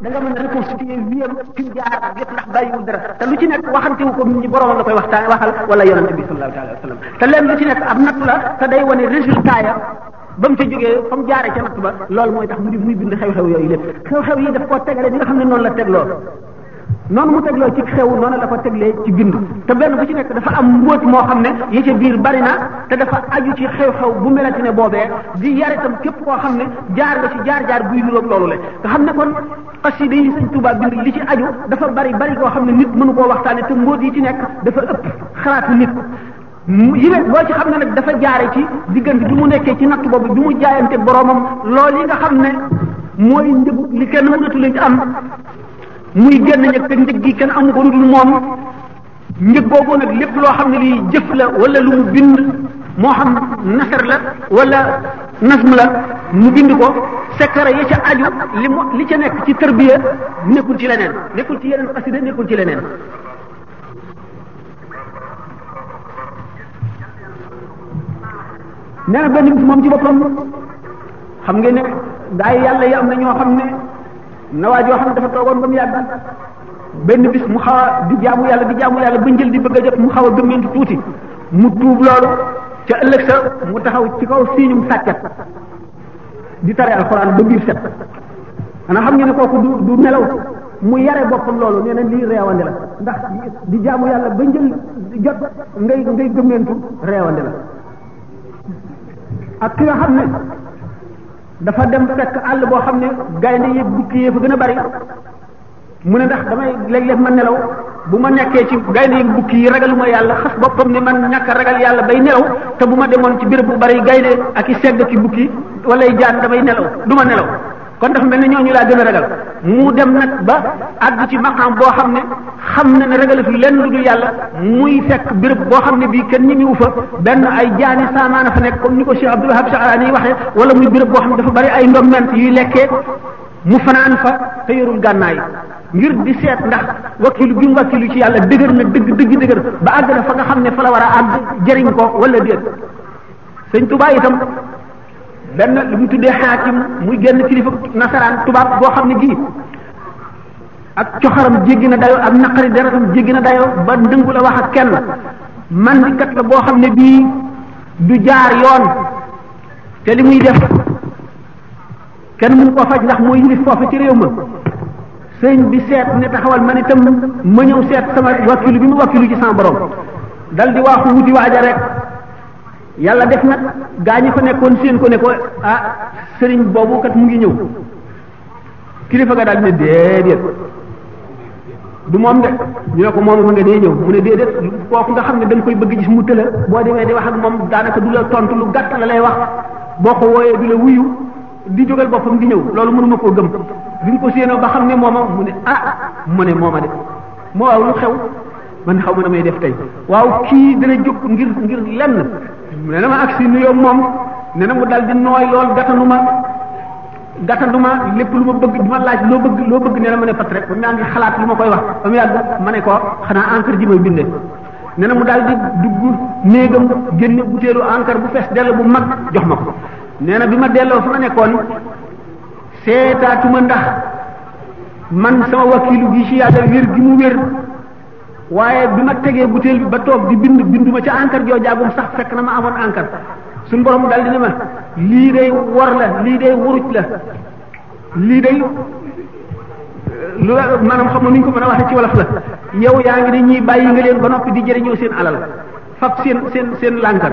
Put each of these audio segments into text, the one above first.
da nga mën a reconstituer wiyam fi mu jaar yëpp ndax bàyyiwul dara te lu wu ko nit ñi la koy waxtaan waxal wala yonente bi sallallahu wa sallam te leen lu ci nekk ab natt la te day wane résultat ya ba mu ca fa mu ca natt ba loolu mooy tax mu di muy bind xew-xew yooyu lépp xew-xew yi daf koo tegale ni nga xam ne noonu la lool noonu mu tegloo ci xew noonu la ko teglee ci bind te benn bu ci nekk dafa am mbóot moo xam ne yi ca biir bari na te dafa aju ci xew-xew bu melati ne boobee di yar tam képp koo xam ne jaar nga ci jaar-jaar buy niroog loolu le nga xam ne kon xasida yi sëñ Tuubaa bind li ci aju dafa bari bari koo xam ne nit mënu koo waxtaane te mbóot yi ci nekk dafa ëpp xalaatu nit yi ne boo ci xam ne nag dafa jaare ci diggante bi mu nekkee ci natt boobu bi mu jaayante boromam loolu yi nga xam ne mooy njëgu li kenn mënatu leen ci am muy génn ñëg te njëg gi kenn amu ko lu dul moom njëg boobu nag lépp loo xam ne lii jëf la wala lu mu bind moo xam nasar la wala nasm la mu bind ko sekara ya ca aju li mu ca nekk ci tërbiya nekkul ci leneen nekkul ci yeneen xasida nekkul ci leneen nee na benn bis moom ci boppam xam nga ne daay yàlla yi am na ñoo xam ne na waa joo xam ne dafa toogoon ba mu yàgg benn bis mu xaw di jaamu yàlla di jaamu yàlla ba njël di bëgg a jot mu xaw a gëmmentu tuuti mu tuub loolu ca ëllëg sa mu taxaw ci kaw siiñum sàkket di tare alxuraan ba biir set xam nga ne kooku du du nelaw mu yare boppam loolu nee na lii reewande la ndax di jaamu yàlla ba njël jot ngay ngay gëmmentu reewande la ak ki nga xam ne dafa dem fekk àll boo xam ne gaynde yëpp bukki yee fa gën a bari mu ne ndax damay léeg-léeg ma nelaw bu ma nekkee ci gaynde yëpp bukki yi ragaluma yàlla xas boppam ne man ñàkk ragal yàlla bay nelaw te bu ma demoon ci béréb bu bari gaynde ak i segg i bukki walay jaan damay nelaw du ma nelaw kon dafa mel ne ñooñu laa gën a ragal mu dem nag ba àgg ci maqaam boo xam ne xam na ne ragalatu lenn lu dul yàlla muy fekk béréb boo xam ne bii kenn ñi mu fa benn ay jaani saamaana fa nekk comme ni ko Cheikh Abdul Wahab Sha'rani waxee wala muy béréb boo xam ne dafa bari ay ndomment yuy lekkee mu fanaan fa te yorul gànnaay ngir di seet ndax wakilu bi mu wakilu ci yàlla dëgër na dëgg dëgg dëgër ba àgg na fa nga xam ne fa la war a àgg ko ko wala déet sëñ Tuubaa itam benn lu mu tuddee xaakim muy génn kilifa nasaraan tubaab boo xam ne gii ak coxaram jéggi na dayoo ak naqari deretam jéggi na dayoo ba ndëngu a wax ak kenn man mandikat la boo xam ne bii du jaar yoon te li muy def kenn mënu koo faj ndax mooy yilif foofu ci réew ma sëñ bi seet ne taxawal man itam ma ñëw seet sama wakilu bi ma wakilu ci sama borom dal di waaxu wuti waaja rek yàlla def na gaa ñi fa nekkoon seen ko ne ko ah sëriñ boobu kat mu ngi ñëw kilifa ga daal ne déedéet du moom de ñu ne ko moom nga dee ñëw mu ne déedéet kooku nga xam ne dañ koy bëgg ji mu tëla boo demee di wax ak moom daanaka du la tontu lu gàtt lay wax boo ko wooyee du la wuyu di jógal boppam ngi ñëw loolu mënuma koo gëm bi nga ko séenoo ba xam ne mooma mu ne ah mu ne mooma de moo waaw lu xew man xaw ma na may def tey waaw kii dana nee na ma agsi nuyoo moom nee na mu dal di nooy lool gatanu ma gatanu ma lépp lu ma bëgg di ma laaj loo bëgg loo bëgg nee ma ne fat rek ba mu xalaat lu ma koy wax ba mu yàgg ma ne ko xanaa encre ji may bindee nee na mu daal di dugg néegam génne butéelu encre bu fees dell bu mag jox ma ko nee na bi ma delloo fa ma nekkoon seetaatuma ndax man sama wakilu gi ci yàlla wér gi mu wér waaye bi ma tegee butéel bi ba toog di bind binduma ca encre joojaagum sax fekk na ma amoon encre su borom dal di ne ma lii day wor la lii day wuruj la lii day lu la maanaam xam nga nuñ ko mën a waxee ci wolof la yow yaa ngi ne ñuy bàyyi nga leen ba noppi di jëriñoo seen alal fab seen seen seen lànkar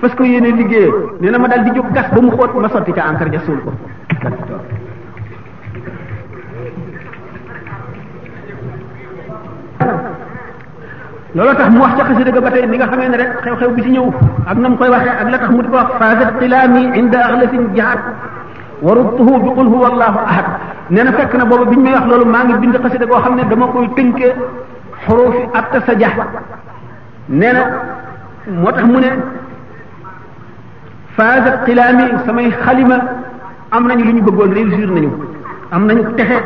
parce que yéene liggéeyee nee na ma dal di jóg gas ba mu xóot ma sotti ca encre ja suul ko loolu tax mu wax ca xasida ga ba tey ni nga xamee ne rek xew-xew bi ci ñëw ak nam koy waxee ak la tax mu di ko wax faasat xilaami inda axlafin jahat warubtuhu bi qul huwa allahu ahad nee na fekk na booba biñ may wax loolu maa ngi bind xasida goo xam ne dama koy tënkee xuruufi atta sa jax nee na moo tax mu ne faasat xilaami samay xalima am nañu lu ñu bëggoon réussir nañu am nañu texe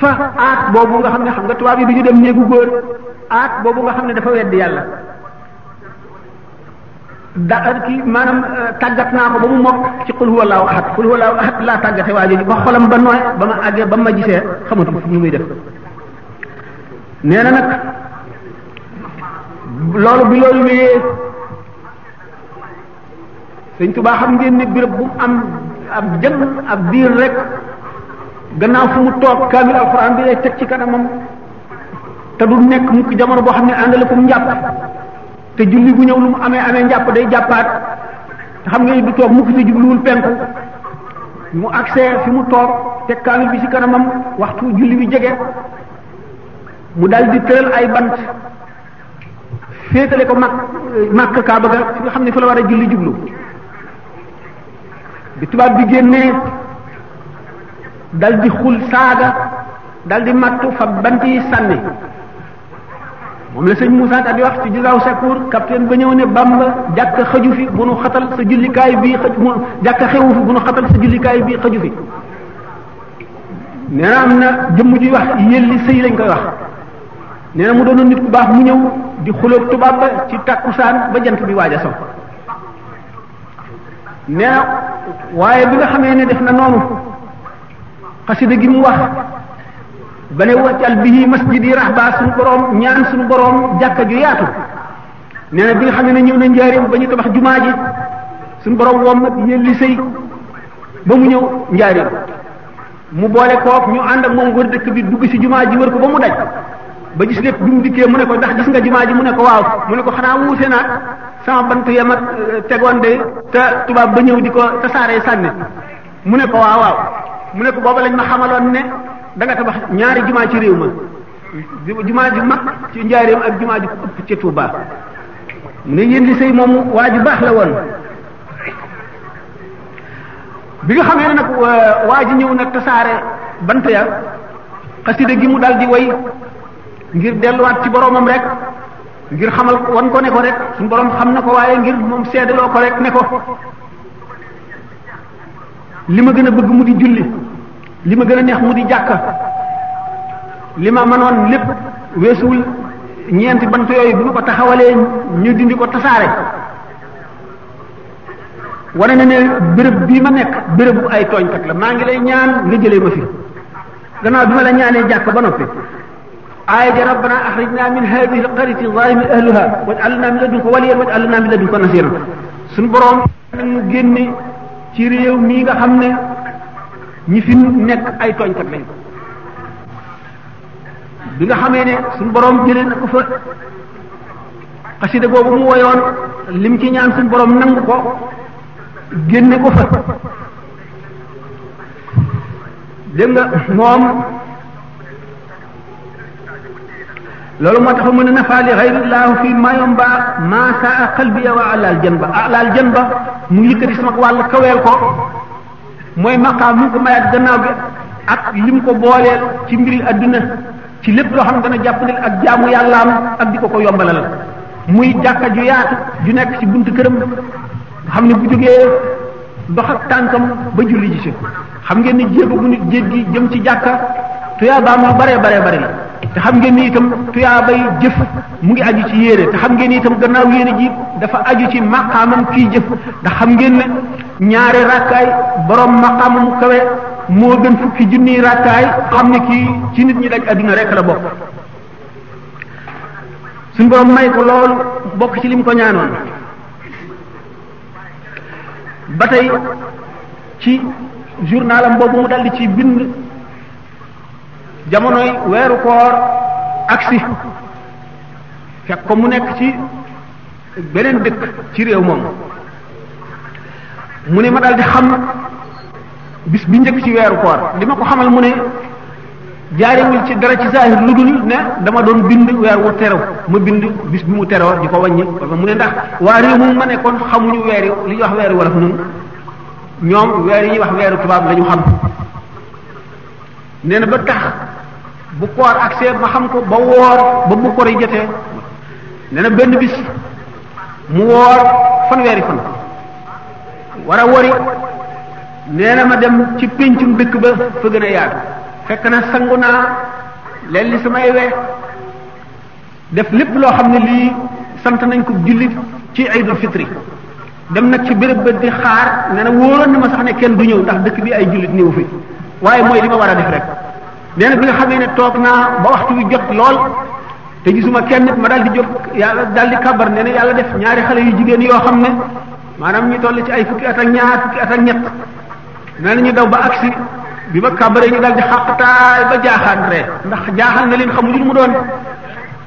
fa aat boobu nga xam ne xam nga tubaab yi du ñu dem néegu góor aat boobu nga xam ne dafa weddi yàlla da euh, kii maanaam euh, tàggat naa ko ba mu mokk ci qul huwa allahu ahad qul huwa allahu ahad laa tàggate waa jooju ba xolam ba nooy ba ma àggee ba ma gisee xamatu ñu muy def nee na nag loolu bi loolu wéyee sëñ Tuubaa xam ngeen ni béréb bu am ab jëm ab diir rek gannaaw fu mu toog kaamil alxuraan bi lay teg ci kanamam te du nekk mukk jamono boo xam ne àndalakum njàpp te julli bu ñëw lu mu amee amee njàpp day jàppaat te xam nga du toog mukk te jubluwul penku mu accès fi mu toog te kaamil bi ci kanamam waxtu julli bi jege mu dal di tëral ay bant féetale ko mag màkk kaaba fi nga xam ne fa war a julli jublu bi tubaab bi génnee dal di xul saaga dal di mattu fa bant yi sànni moom la sëñ Moussa Ka di wax ci Juzaaw Sakuur capitaine ba ñëw ne Bamba jàkka xëju fi bu nu xatal sa jullikaay bii xëj mu jàkka fi bu nu xatal sa jullikaay bii xëju fi na am na jëmm juy wax yelli sëy lañ koy wax nee na mu doonoon nit ku baax mu ñëw di xuloog tubaab ba ci saan ba jant bi waaja a sow nee waaye bi nga xamee ne def na noonu xasida gi mu wax ba ne waccal bihi masjid yi rahba suñu borom ñaan suñu borom jàkka ju yaatu nee na bi nga xam ne ñëw na njaareem ba ñu tabax jumaa ji suñu borom woom nag yëlli ba mu ñëw njaareem mu boole kook ñu ànd ak moom wër dëkk bi dugg ci jumaa ji wër ko ba mu daj ba gis lépp bi mu dikkee mu ne ko ndax gis nga jumaa ji mu ne ko waaw mu ne ko xanaa wuute naag sama bantu yama euh, tegoon de te tubaab ba ñëw di ko tasaaree sànni mu ne ko waaw waaw mu ne ko booba lañ ma xamaloon ne da nga tabax ñaari jumaa ci réew ma jumaa ju mag ci njaareem ak jumaa ju ëpp ci Touba mu ne yéen li moom waa ju baax la woon bi nga xamee ne nag waa ji ñëw nag tasaare bant ya xasida gi mu dal di way ngir delluwaat ci boromam rek ngir xamal wan ko ne ko rek suñu borom xam na ko waaye ngir moom seedaloo ko rek ne ko li ma gën a bëgg mu di julli li ma gën a neex mu di jàkka li ma mënoon lépp weesuwul ñeenti bant yooyu bu ko taxawalee ñu dindi ko tasaare wane na ne béréb bii ma nekk bérébu ay tooñkat la maa ngi lay ñaan nga jëlee ma fi gannaaw bi ma la ñaanee jàkk ba noppi aaya ja rabbana axrijna min hadihi alqaryati zalimi ahluha waj'alna min ladunka waliyan waj'alna min ladunka nasiran suñu boroom génne ci mii nga xam ne ñi nekk ay tooñkat lañ bi nga xamee ne suñu borom jëlee na ko fa xasida boobu mu woyoon lim ci ñaan suñu borom nangu ko génne ko fa dégg moom loolu moo tax mu ne nafa li xayrillahu fi mayom ba ma saa qalbiya wa alal jan ba alal jan ba mu yëkkati sama wàll kaweel ko mooy maqaam mu ngi ko ak gannaaw bi ak lim ko booleel ci mbiri adduna ci lépp loo xam dana jàppandil ak jaamu yàllaam ak di ko ko la muy jàkka ju yaatu ju nekk ci bunt këram xam ne bu jógee dox ak tànkam ba julli ji si xam ngeen ne jéego bu nit jéggi jëm ci jàkka tuyaabaam yu baree baree bare la te xam ngeen ni itam tuyaabay jëf mu ngi aju ci yéene te xam ngeen ni gannaaw yéene ji dafa aju ci maqaamam kii jëf ndax xam ngeen ne ñaari rakkaay borom maqaamam kawe moo gën fukki junniy rakkaay xam ne ki ci nit ñi daj adduna rek la bokk suñ borom may ko loolu bokk ci lim ko ñaanoon ba tey ci journalam boobu mu daldi ci bind jamonoy weeru koor agsi fekk ko mu nekk ci beneen dëkk ci réew moom mu ne ma daal di xam bis bi njëkk ci weeru koor li ma ko xamal mu ne jaarewul ci dara ci zahir lu dul ne dama doon bind weer wu terew ma bind bis bi mu teroo di ko wàññi parce que mu ne ndax waa réew moom ma nekkoon xamuñu weer li ñuy wax weeru wolof nun ñoom weer yi ñuy wax weeru tubaab lañu ñu xam nee na ba tax bu koor ak seet ma xam ko ba woor ba bu koor yi jotee nee na benn bis mu woor fanweeri fan war a wori nee na ma dem ci péncum dëkk ba fa gën a yaatu fekk na sangu naa leen li samay we def lépp loo xam ne lii sant nañ ko jullit ci aydul fitri dem nag ci béréb bët di xaar nee na wóoroon na ma sax ne kenn du ñëw ndax dëkk bi ay jullit néew fi waaye mooy li ma war a def rek nee na bi nga xamee ne toog naa ba waxtu wi jot lool te gisuma kenn ma daal di jóg yàlla daal di kàbbar nee na yàlla def ñaari xale yu jigéen yoo xam ne maanaam ñu toll ci ay fukki at ak ñaar fukki at ak ñett nee na ñu daw ba agsi bi ma kàbbaree ñu daal di xàqtaay ba jaaxaan ree ndax jaaxal na leen xamuñu mu doon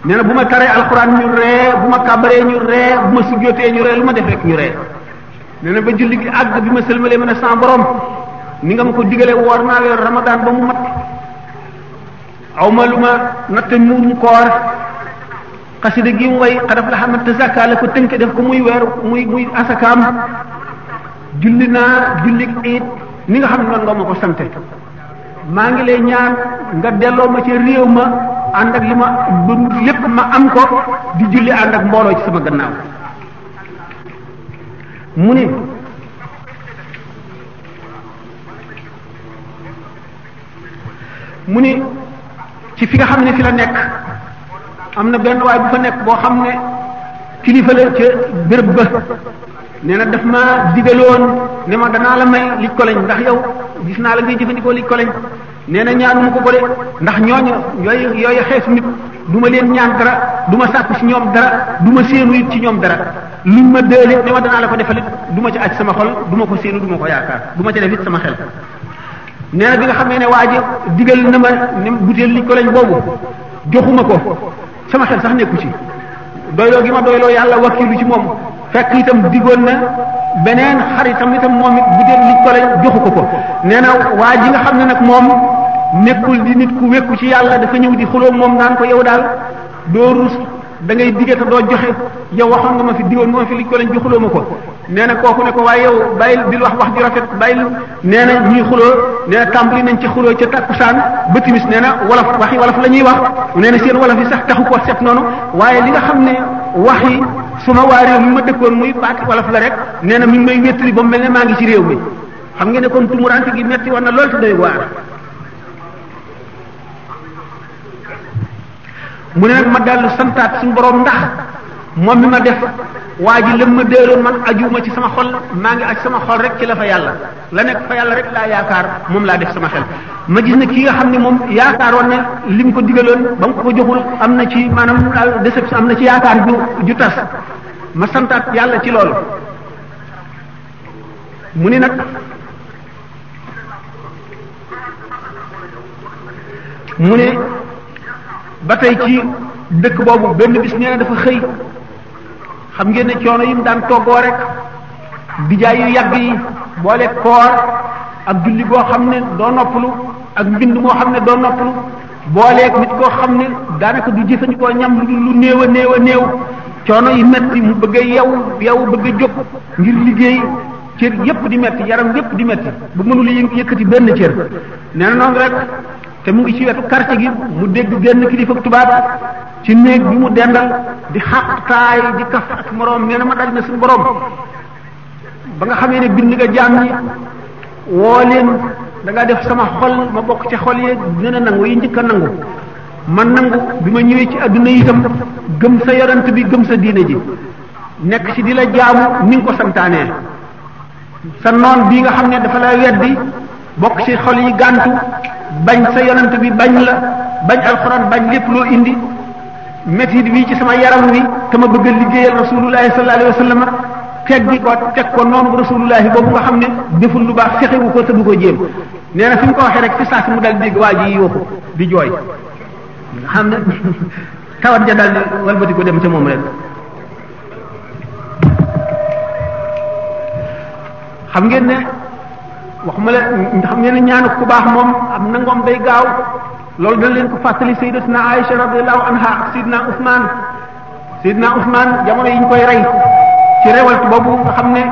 nee na bu ma taree alxuraan ñu ree bu ma kàbbaree ñu ree bu ma ñu ree lu ma def rek ñu ree nee na ba julli gi àgg bi ma sëlmalee ma ne sans borom ni nga ma ko digalee woor naa weer ramadan ba mu mat aw ma lu ma natt muum koor xasida gi mu way xadaf la xam te zakka la ko tënk def ko muy weeru muy muy asakaam julli naa julli it ni nga xam ne noonu nga ma ko sante maa ngi leen ñaan nga delloo ma ci réew ma ànd ak li ma lépp ma am ko di julli ànd mbooloo ci sama gannaaw mu ni mu ni ci fi nga xam ne fi la nekk am na benn waay bu fa nekk boo xam ne kilifa la ca béréb ba nee na daf ma digaloon ne ma danaa la may lij ko lañ ndax yow gis naa la ngay jëfandikoo lij ko nee na ñaanuma ko ko de ndax ñooñu yooyu yooyu xeesu nit du ma leen ñaan dara du ma sàkku ci ñoom dara du ma séenu it ci ñoom dara luñ ma dëelit ne ma danaa la ko defalit du ma ci aj sama xol du ma ko séenu du ko yaakaar du ma ci def it sama xel nee bi nga xamee ne waa ji digal na ma ne butéel liñ ko lañ boobu joxuma ko sama xel sax nekku ci doyloo gi ma doyloo yàlla wakkilu ci moom fekk itam digoon na beneen xaritam itam moom it butéel liñ ko lañ joxu ko ko nee na waa ji nga xam ne nag moom nekkul di nit ku wekku ci yàlla dafa ñëw di xuloo moom naan ko yow daal doo rus da ngay dige te doo joxe yow waxoon nga ma fi diwoon nga ma fi liñ ko lañ joxuloo ma ko nee na kooku ne ko waaye yow bàyyil di wax wax ju rafet bàyyil nee na ñuy xuloo nee na tàmbali nañ ci xuloo ca takkusaan ba timis nee na wolof waxi wolof la ñuy wax nee na seen wolof yi sax taxu ko set noonu waaye li nga xam ne wax yi su ma waa réew mi ma dëkkoon muy baati wolof la rek nee na mi ngi may wéttali ba mu mel ne maa ngi ci réew mi xam ngeen ne kon tumurante gi metti woon na lool te doy waar mu ne nag ma dellu santaat suñu borom ndax moom mi ma def waa ji mu ma déeloon man ajuma ci sama xol maa ngi aj sama xol rek ci la fa yàlla la nekk fa yàlla rek laa yaakaar moom laa def sama xel ma gis ne ki nga xam ne moom yaakaaroon ne li mu ko digaloon ba mu ko joxul am na ci maanaam daal déception am na ci yaakaar ju ju tas ma santaat yàlla ci loolu mu ni nag mu ne ba tey ci dëkk boobu benn bis nee na dafa xëy xam ngeen ne coono yi mu daan toggoo rek dijaay yu yàgg yi boole koor ak julli boo xam ne doo noppalu ak mbind moo xam ne doo noppalu booleeg nit koo xam ne daanaka du jëfandikoo ñam lu néew a néew a néew coono yi metti mu bëgg a yow yow bëgg a jóg ngir liggéey cër yépp di metti yaram yépp di metti bu mënul yëkkati benn cër nee noonu rek te mu ngi ci wetu quartier gi mu dégg benn kilifa tubaab ci néeg bi mu dendal di xaq taay di kaf ak moroom nee na ma daj na suñu borom ba nga xamee ne bind ga jaam ñi woo leen da def sama xol ma bokk ci xol yi nee na nangu yi njëkk a nangu man nangu bi ma ñëwee ci adduna itam gëm sa yorant bi gëm sa diine ji nekk ci di la jaamu ni nga ko santaanee sa noon bii nga xam ne dafa la bi bokk ci xol yi gàntu bañ sa yonent bi bañ la bañ alxuraan bañ lépp loo indi métit wi ci sama yaram wi te ma bëgg a liggéeyal rasulullahi sallallahu alayhi wa sallam teg gi ko teg ko noonu rasulullahi boobu nga xam ne deful lu baax fexewu ko te du ko jéem nee na fi mu ko rek fi saa mu dal dégg waa ji yooxu di jooy xam ne tawat ja dal di walbati ko dem ca moom rek xam wax la xam ngeen ne ñaanu ku baax moom am nangoom bay gaaw loolu dana leen ko fàttali sayyidatuna Aïcha radiyallahu anha ak Sidna Ousmane Sidna Ousmane jamono yi ñu koy rey ci révolte boobu nga xam ne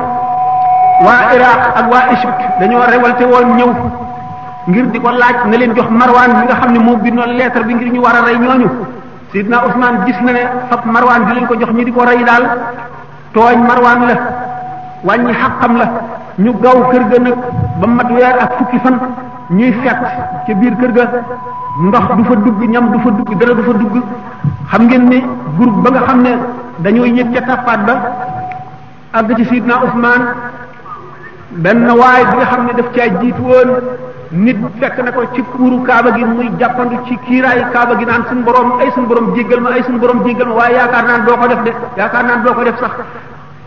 waa Iraq ak waa Égypte dañoo révolté woon ñëw ngir di ko laaj na leen jox Marwan bi nga xam ne moo bindoon lettre bi ngir ñu war a rey ñooñu Sidna Ousmane gis na ne fab Marwan di leen ko jox ñi di ko rey daal tooñ Marwan la wàññi xaqam la. ñu gaw kër ga nag ba mat weer ak fukki fan ñuy fekk ca biir kër ga ndox du fa dugg ñam du fa dugg dara du fa dugg xam ngeen ni groupe ba nga xam ne dañoo yëg ca tappaat ba àgg ci sidna Ousmane benn waay bi nga xam ne daf caa jiitu woon nit fekk na ko ci kuuru kaaba gi muy jàppandu ci kiiraayu kaaba gi naan suñu borom ay suñu borom jéggal ma ay suñu borom jéggal ma waaye yaakaar naan doo ko def de yaakaar naan doo ko def sax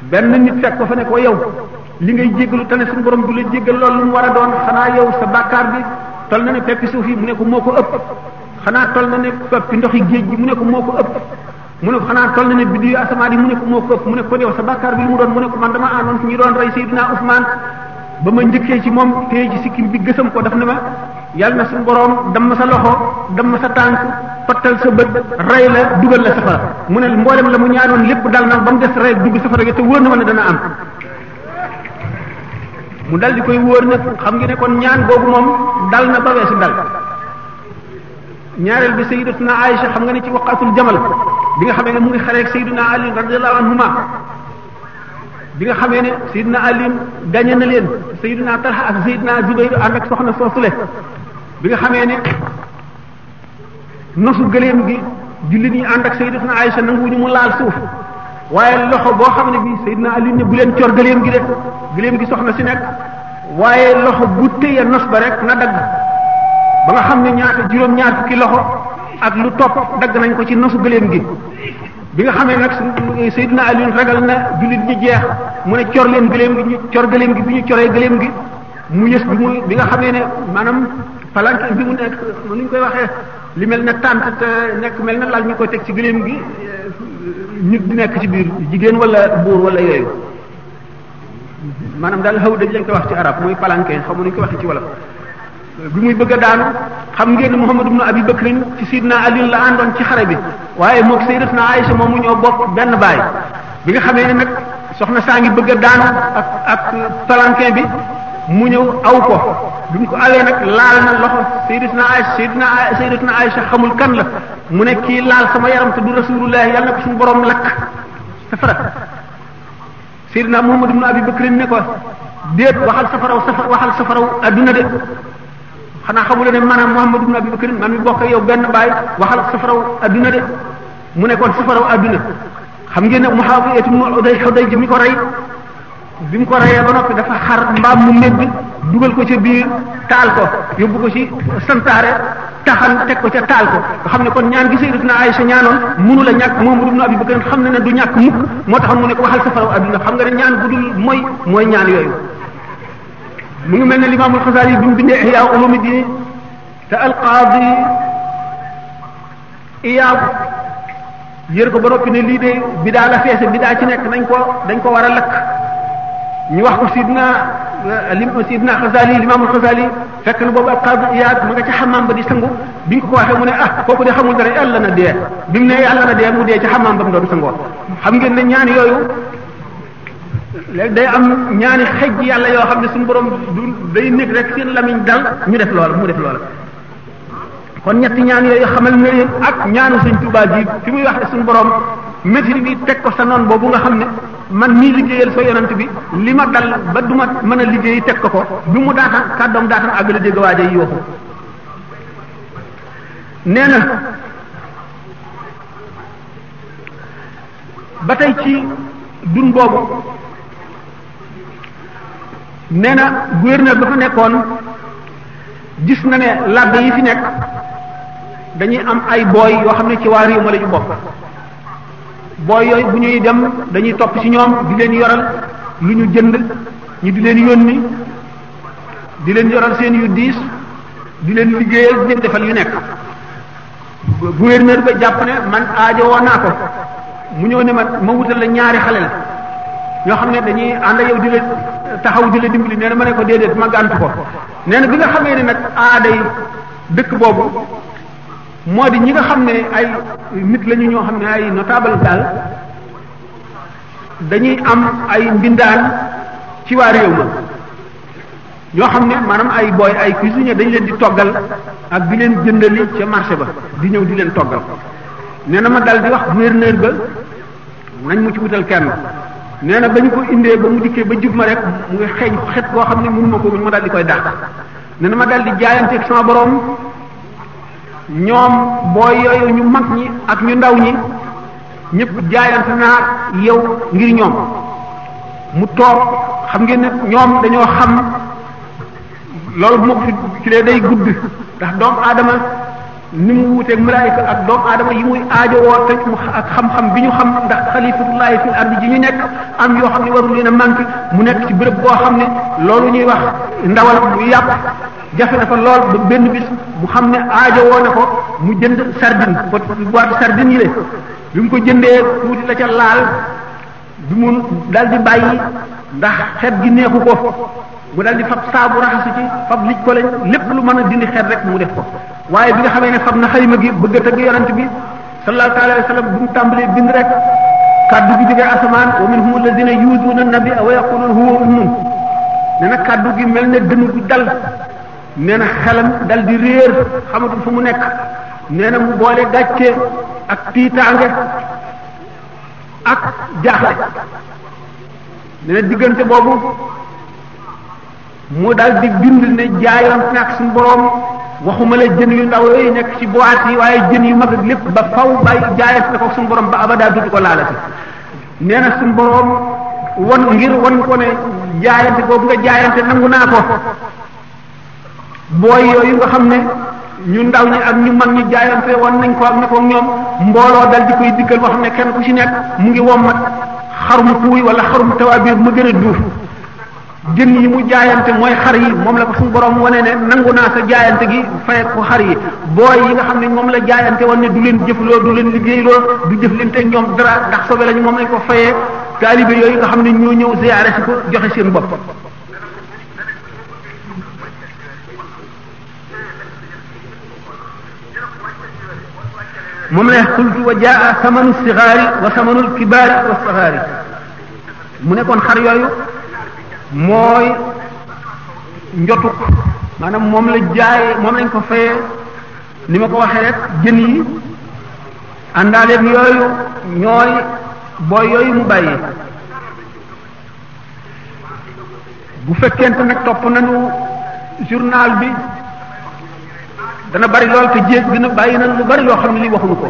benn nit fekk ko fa ne yow li ngay jéggalu te ne suñu borom du la jéggal lool lu mu war a doon xanaa yow sa bàkkaar bi tol na ne peppi suuf yi mu ne ko moo ko ëpp xanaa tol na ne peppi yi géej gi mu ne ko moo ko ëpp mu ne ko xanaa toll na ne biddiyu asamaan yi mu ne ko moo ko ëpp mu ne ko yow sa bàkkaar bi lu mu doon mu ne ko man ci ñi doon rey Seydina Ousmane ba ma njëkkee ci moom téye ci sikkim bi gësam ko daf ne ma yàlla na suñu borom damm sa loxo damm sa tànk pattal sa bët rey la dugal la safara mu ne mboolem la mu ñaanoon lépp dal na ba mu des rey dugg safara gi te mu dal di koy wóor na xam ngi ne kon ñaan boobu moom dal na ba weesu dal ñaareel bi sayyidatuna Aïcha xam nga ne ci waqatul jamal bi nga xamee ne mu ngi xaree ak sayyiduna Ali na anhuma bi nga xamee ne sayyiduna Ali gañe na leen sayyiduna Talha ak sayyiduna Zubayr ànd ak soxna soosule bi nga xamee ne nosu gëléem gi jullit ñi ànd ak sayyidatuna Aïcha nanguwuñu mu laal suuf waaye loxo boo xam ne bi Seydina Ali ne bu leen cor gëléem gi de gëléem gi soxna si nekk waaye loxo bu téye nos ba rek na dagg ba nga xam ne ñaata juróom-ñaar fukki loxo ak lu topp dagg nañ ko ci nosu gëléem gi bi nga xamee nag Seydina Ali ragal na jullit ñi jeex mu ne cor leen gëléem cor gëléem gi bi ñu coree gëléem gi mu yës bi nga xamee ne maanaam palanke bi mu nekk nu ñu koy waxee li mel ne tànt ak euh, nekk mel na lal ñu koy teg ci gëléem gi euh, nit di nekk ci biir jigéen wala buur wala yooyu maanaam daal xaw dañ lañ koy wax ci arab muy palanquin xamu nañu ko waxee ci wolof bi muy bëgg a daanu xam ngeen ne Muhammad ibn Abi Bakr ci Sidna Ali la àndoon ci xare bi waaye moog naa Aïcha moom mu ñoo bopp benn baay bi nga xamee ne nag soxna saa ngi bëgg a daanu ak ak palanquin bi mu ñëw aw ko mu ko awee nag laal na loxo sayyidatuna Aïcha sayyidatuna sayyidatuna Aïcha xamul kan la mu ne kii laal sama yaram te du rasulullah yàlla na ko suñu borom lakk safara sayidina Muhammad ibn Abi Bakr ne ko déet waxal safaraw safar waxal safaraw adduna de xanaa xamula ne maanaam Muhammad ibn Abi Bakr man mi bokk yow benn baay waxal safaraw adduna de mu ne kon safaraw adduna xam ngeen ne Muawiya ibn Udayj mi ko rey bi mu ko reyee ba noppi dafa xar mbaam mu mébbi dugal ko ca biir taal ko yóbbu ko ci santaare taxan teg ko ca taal ko xam ne kon ñaan gi sayyidatuna Aïcha ñaanoon mënu la ñàkk moom ibnu Abi Bakr xam ne ne du ñàkk mukk moo tax mu ne ko waxal sa faraw adduna xam nga ne ñaan gudul mooy mooy ñaan yooyu mu ngi mel ne limaamul Xasaali bi mu bindee Ihya Ulumuddin te alqaadi Iyaab yër ko ba noppi ne lii de bidaa la feese bidaa ci nekk nañ koo dañ ko war a lakk ñu wax ko sidna euh, lim sidna Xasaali limaamul Xasaali fekk na boobu ab qaadi Iyaad ma nga ca xamaam ba di sangu bi ñu ko ko waxee mu ne ah kooku de xamul dara yàlla na dee bi mu ne yàlla na dee mu dee ca xamaam ba mu doon sangoo xam ngeen ne ñaan yooyu léegi day am ñaani xej yàlla yoo xam ne suñu borom du day nekk rek seen lamiñ dal ñu def loola mu def loola kon ñetti ñaan yooyu xamal na leen ak ñaanu suñ Tuubaa ji fi mu wax ne suñu borom métti bi teg ko sa noon boobu nga xam ne man mii liggéeyal sa yonent bi li ma dal ba du mën a liggéey teg ko ko bi mu daataan kàddoom daataan àggale dégg waaje yi yooxu nee na ba tey ci dun boobu nee na gouverneur ba fa nekkoon gis na ne labbe yi fi nekk dañuy am ay booy yoo xam ne ci waa réew ma la ñu boo yooyu bu ñuy dem dañuy topp ci ñoom di leen yoral lu ñu jënd ñu di leen yónni di leen yoral seen yu diis di leen liggéeyal di leen defal yu nekk gouverneur ba jàpp ne man aajo woon naa ko mu ñëw ne ma ma wutal la ñaari xale ñoo xam ne dañuy ànd ak yow di la taxaw di la dimbali nee na ma ne ko déedéet ma gàntu ko nee na bi nga xamee ne nag aaday dëkk boobu moo di ñi nga xam ne ay nit lañu ñoo xam ne ay notable daal dañuy am ay mbindaan ci waa réew ma ñoo xam ne maanaam ay booy ay cuisinier dañ leen di toggal ak di leen jëndali ca marché ba di ñëw di leen toggal nee na ma dal di wax gouverneur ba nañ mu ci wutal kenn nee na ba ñu ko indee ba mu dikkee ba jub ma rek mu xeeñ xet koo xam ne mënu ma ko ma dal di koy dàq nee ma dal di sama borom. ñoom booy yooyu ñu mag ñi ak ñu ndaw ñi ñëpp jaayante naa yow ngir ñoom mu toog xam ngeen ne ñoom dañoo xam loolu bu ma ko fi ci day gudd ndax doomu aadama ni mu wuuteeg malaayika ak doom aadama yi muy aajowoo te ak xam-xam bi ñu xam ndax xalifatullahi fil ardi ji ñu nekk am yoo xam ne warul leen a manqué mu nekk ci bërëb boo xam ne loolu ñuy wax ndawal bu yàpp jafe na fa lool ba benn bis mu xam ne aajowoo na ko mu jënd sardine pot boîte sardine yi le bi mu ko jëndee tuuti la ca laal bi mu daal di bàyyi ndax xet gi neexu ko mu daal di fab saabu raxasu ci fab lij ko lañ lépp lu mën a dindi xet rek mu def ko waaye bi nga xamee ne fab na xayma gi bëgg a tëgg yonent bi sallallahu alayhi wa sallam bi mu tàmbalee bind rek kaddu gi jógee asamaan wa minhum alladina yuuduuna nabia wa yaquluuna huwa ummun nee na kaddu gi mel ne dënnu bi dal nee na xelam dal di réer xamatul fu mu nekk nee na mu boole gàcce ak tiitaange ak jaaxle nee diggante boobu mu dal di bind ne jaayoon nag suñu boroom waxuma la jën yu ndaw yooyu nekk ci boîte yi waaye jën yu mag ak lépp ba faw bay jaayat na ko suñu borom ba abada dutu ko laalati nee na suñu borom wan ngir wan ko ne jaayante boobu nga jaayante nangu naa ko booy yooyu nga xam ne ñu ndaw ñi ak ñu mag ñi jaayante wan nañ ko ak ne ko ñoom mbooloo dal di koy dikkal boo xam ne kenn ku ci nekk mu ngi wommat xarum kuuy wala xarum tawaabir mu gën a duuf jën yi mu jaayante mooy xar yi moom la ko suñu borom nangu naa jaayante gi fay ko xar yi booy yi nga xam ne moom la jaayante woon ne du leen jëfloo du leen liggéeyloo du jëflante ñoom dara ndax sobe lañu moom lañ ko fayee taalibe yooyu nga xam ne ñoo ñëw ziyaare ko joxe seen bopp. moom la xultu wa jaa samanu sixaari wa kibaari wa saxaari mu nekkoon xar yooyu. mooy njotu maanaam moom la jaay moom lañ ko fayee ni ma ko waxee rek jën yi àndaaleeg yooyu ñooy booy yooyu mu bàyyi bu fekkente nag topp nañu journal bi dana bari lool te jéeg dina bàyyi nañ lu bari loo xam ne li waxuñu ko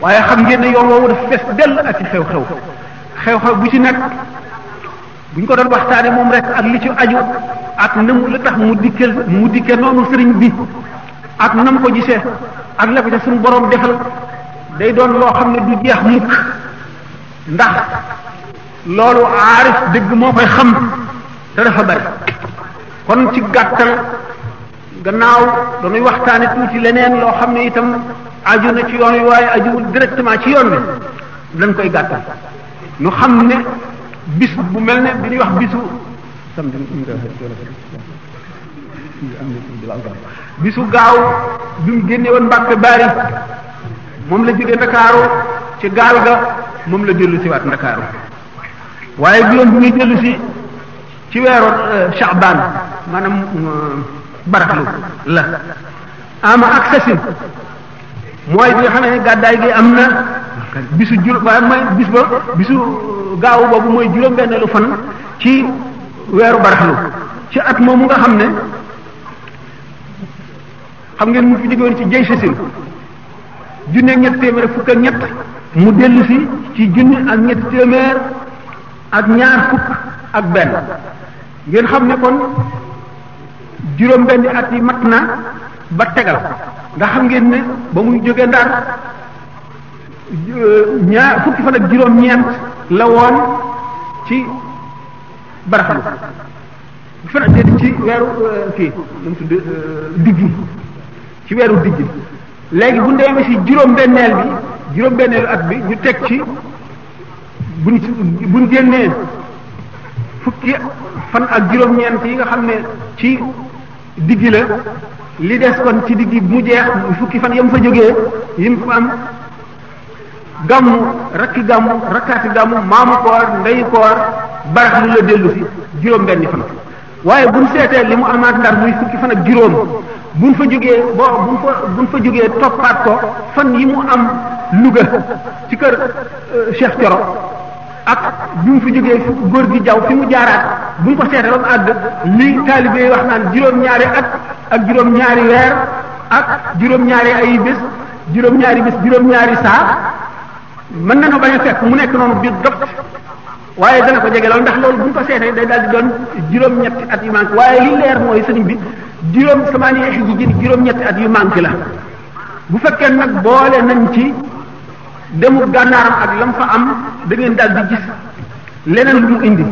waaye xam ngeen ne yoon woowu dafa fees dell ak ci xew-xew xew-xew bu ci nekk bu ñu ko doon waxtaane moom rek ak li ci aju ak na mu la tax mu dikke mu dikke noonu sëriñ bi ak nam ko gisee ak la ko ca suñu borom defal day doon loo xam ne du jeex mukk ndax loolu aarif dëgg moo koy xam te dafa bari kon ci gàttal gannaaw dañuy waxtaane tuuti leneen loo xam ne itam aju na ci yoon wi waaye ajuwul directement ci yoon bi dañ koy gàttal ñu xam ne bis bu mel ne bi wax bisu gaaw bi mu génne woon Mbàkke Bari moom la jóge Ndakaaru ci gaal ga moom la dellu si waat Ndakaaru waaye bi yoon bi muy dellu si ci weeru euh, Shaaban maanaam euh, baraxlu la ama ak sasin mooy bi nga xam ne gi am na bisu jur waaye mooy bis ba bisu gaaw boobu mooy juróom-benneelu fan ci weeru baraxlu ci at moomu nga xam ne xam ngeen mu fi jógewoon ci jey sasin junne ak mu dellu si ci junne ak ñett téeméer ak ñaar fukk ak benn ngeen xam ne kon juróom benn at yi mat na ba tegal nga xam ngeen ne ba muy jóge Ndar ñaar fukki fan ak juróom-ñeent la woon ci baraxam fan ak ci weeru euh, kii nu mu tudd euh, digg ci weeru digg léegi bu ñu demee ci juróom-benneel bi juróom-benneelu at bi ñu teg ci bu ñu bu ñu génnee fukki fan ak juróom-ñeent yi nga xam ne ci digg la li des kon ci digg mu jeex fukki fan yam fa jógee yim fa am. gàmmu rakki gàmmu rakkaati gàmmu maamu koor ndeyu koor barax lu la dellu si juróom benni fan waaye buñ seetee li mu amaat ndar muy fukki fan ak juróom buñ fa jógee bo buñ fa buñ fa jógee toppaat ko fan yi mu am Louga ci kër euh, Cheikh Thioro ak bi mu fa jógee góor gi jaww fi mu jaaraat buñ ko seetee ba mu àgg li taalibe wax naan juróom-ñaari at ak juróom-ñaari weer ak juróom-ñaari ay bés juróom-ñaari bés juróom-ñaari saa mën nañu bañ a fekk mu nekk noonu biir dog waaye dana ko jege loolu ndax loolu bu ñu ko day daal di doon juróom-ñetti at yu manqué li leer mooy sëriñ bi juróom samaani yi at yu manqué la bu fekkee nag boole nañ ci demu gànnaaram ak lam fa am da ngeen daal di gis leneen lu mu indi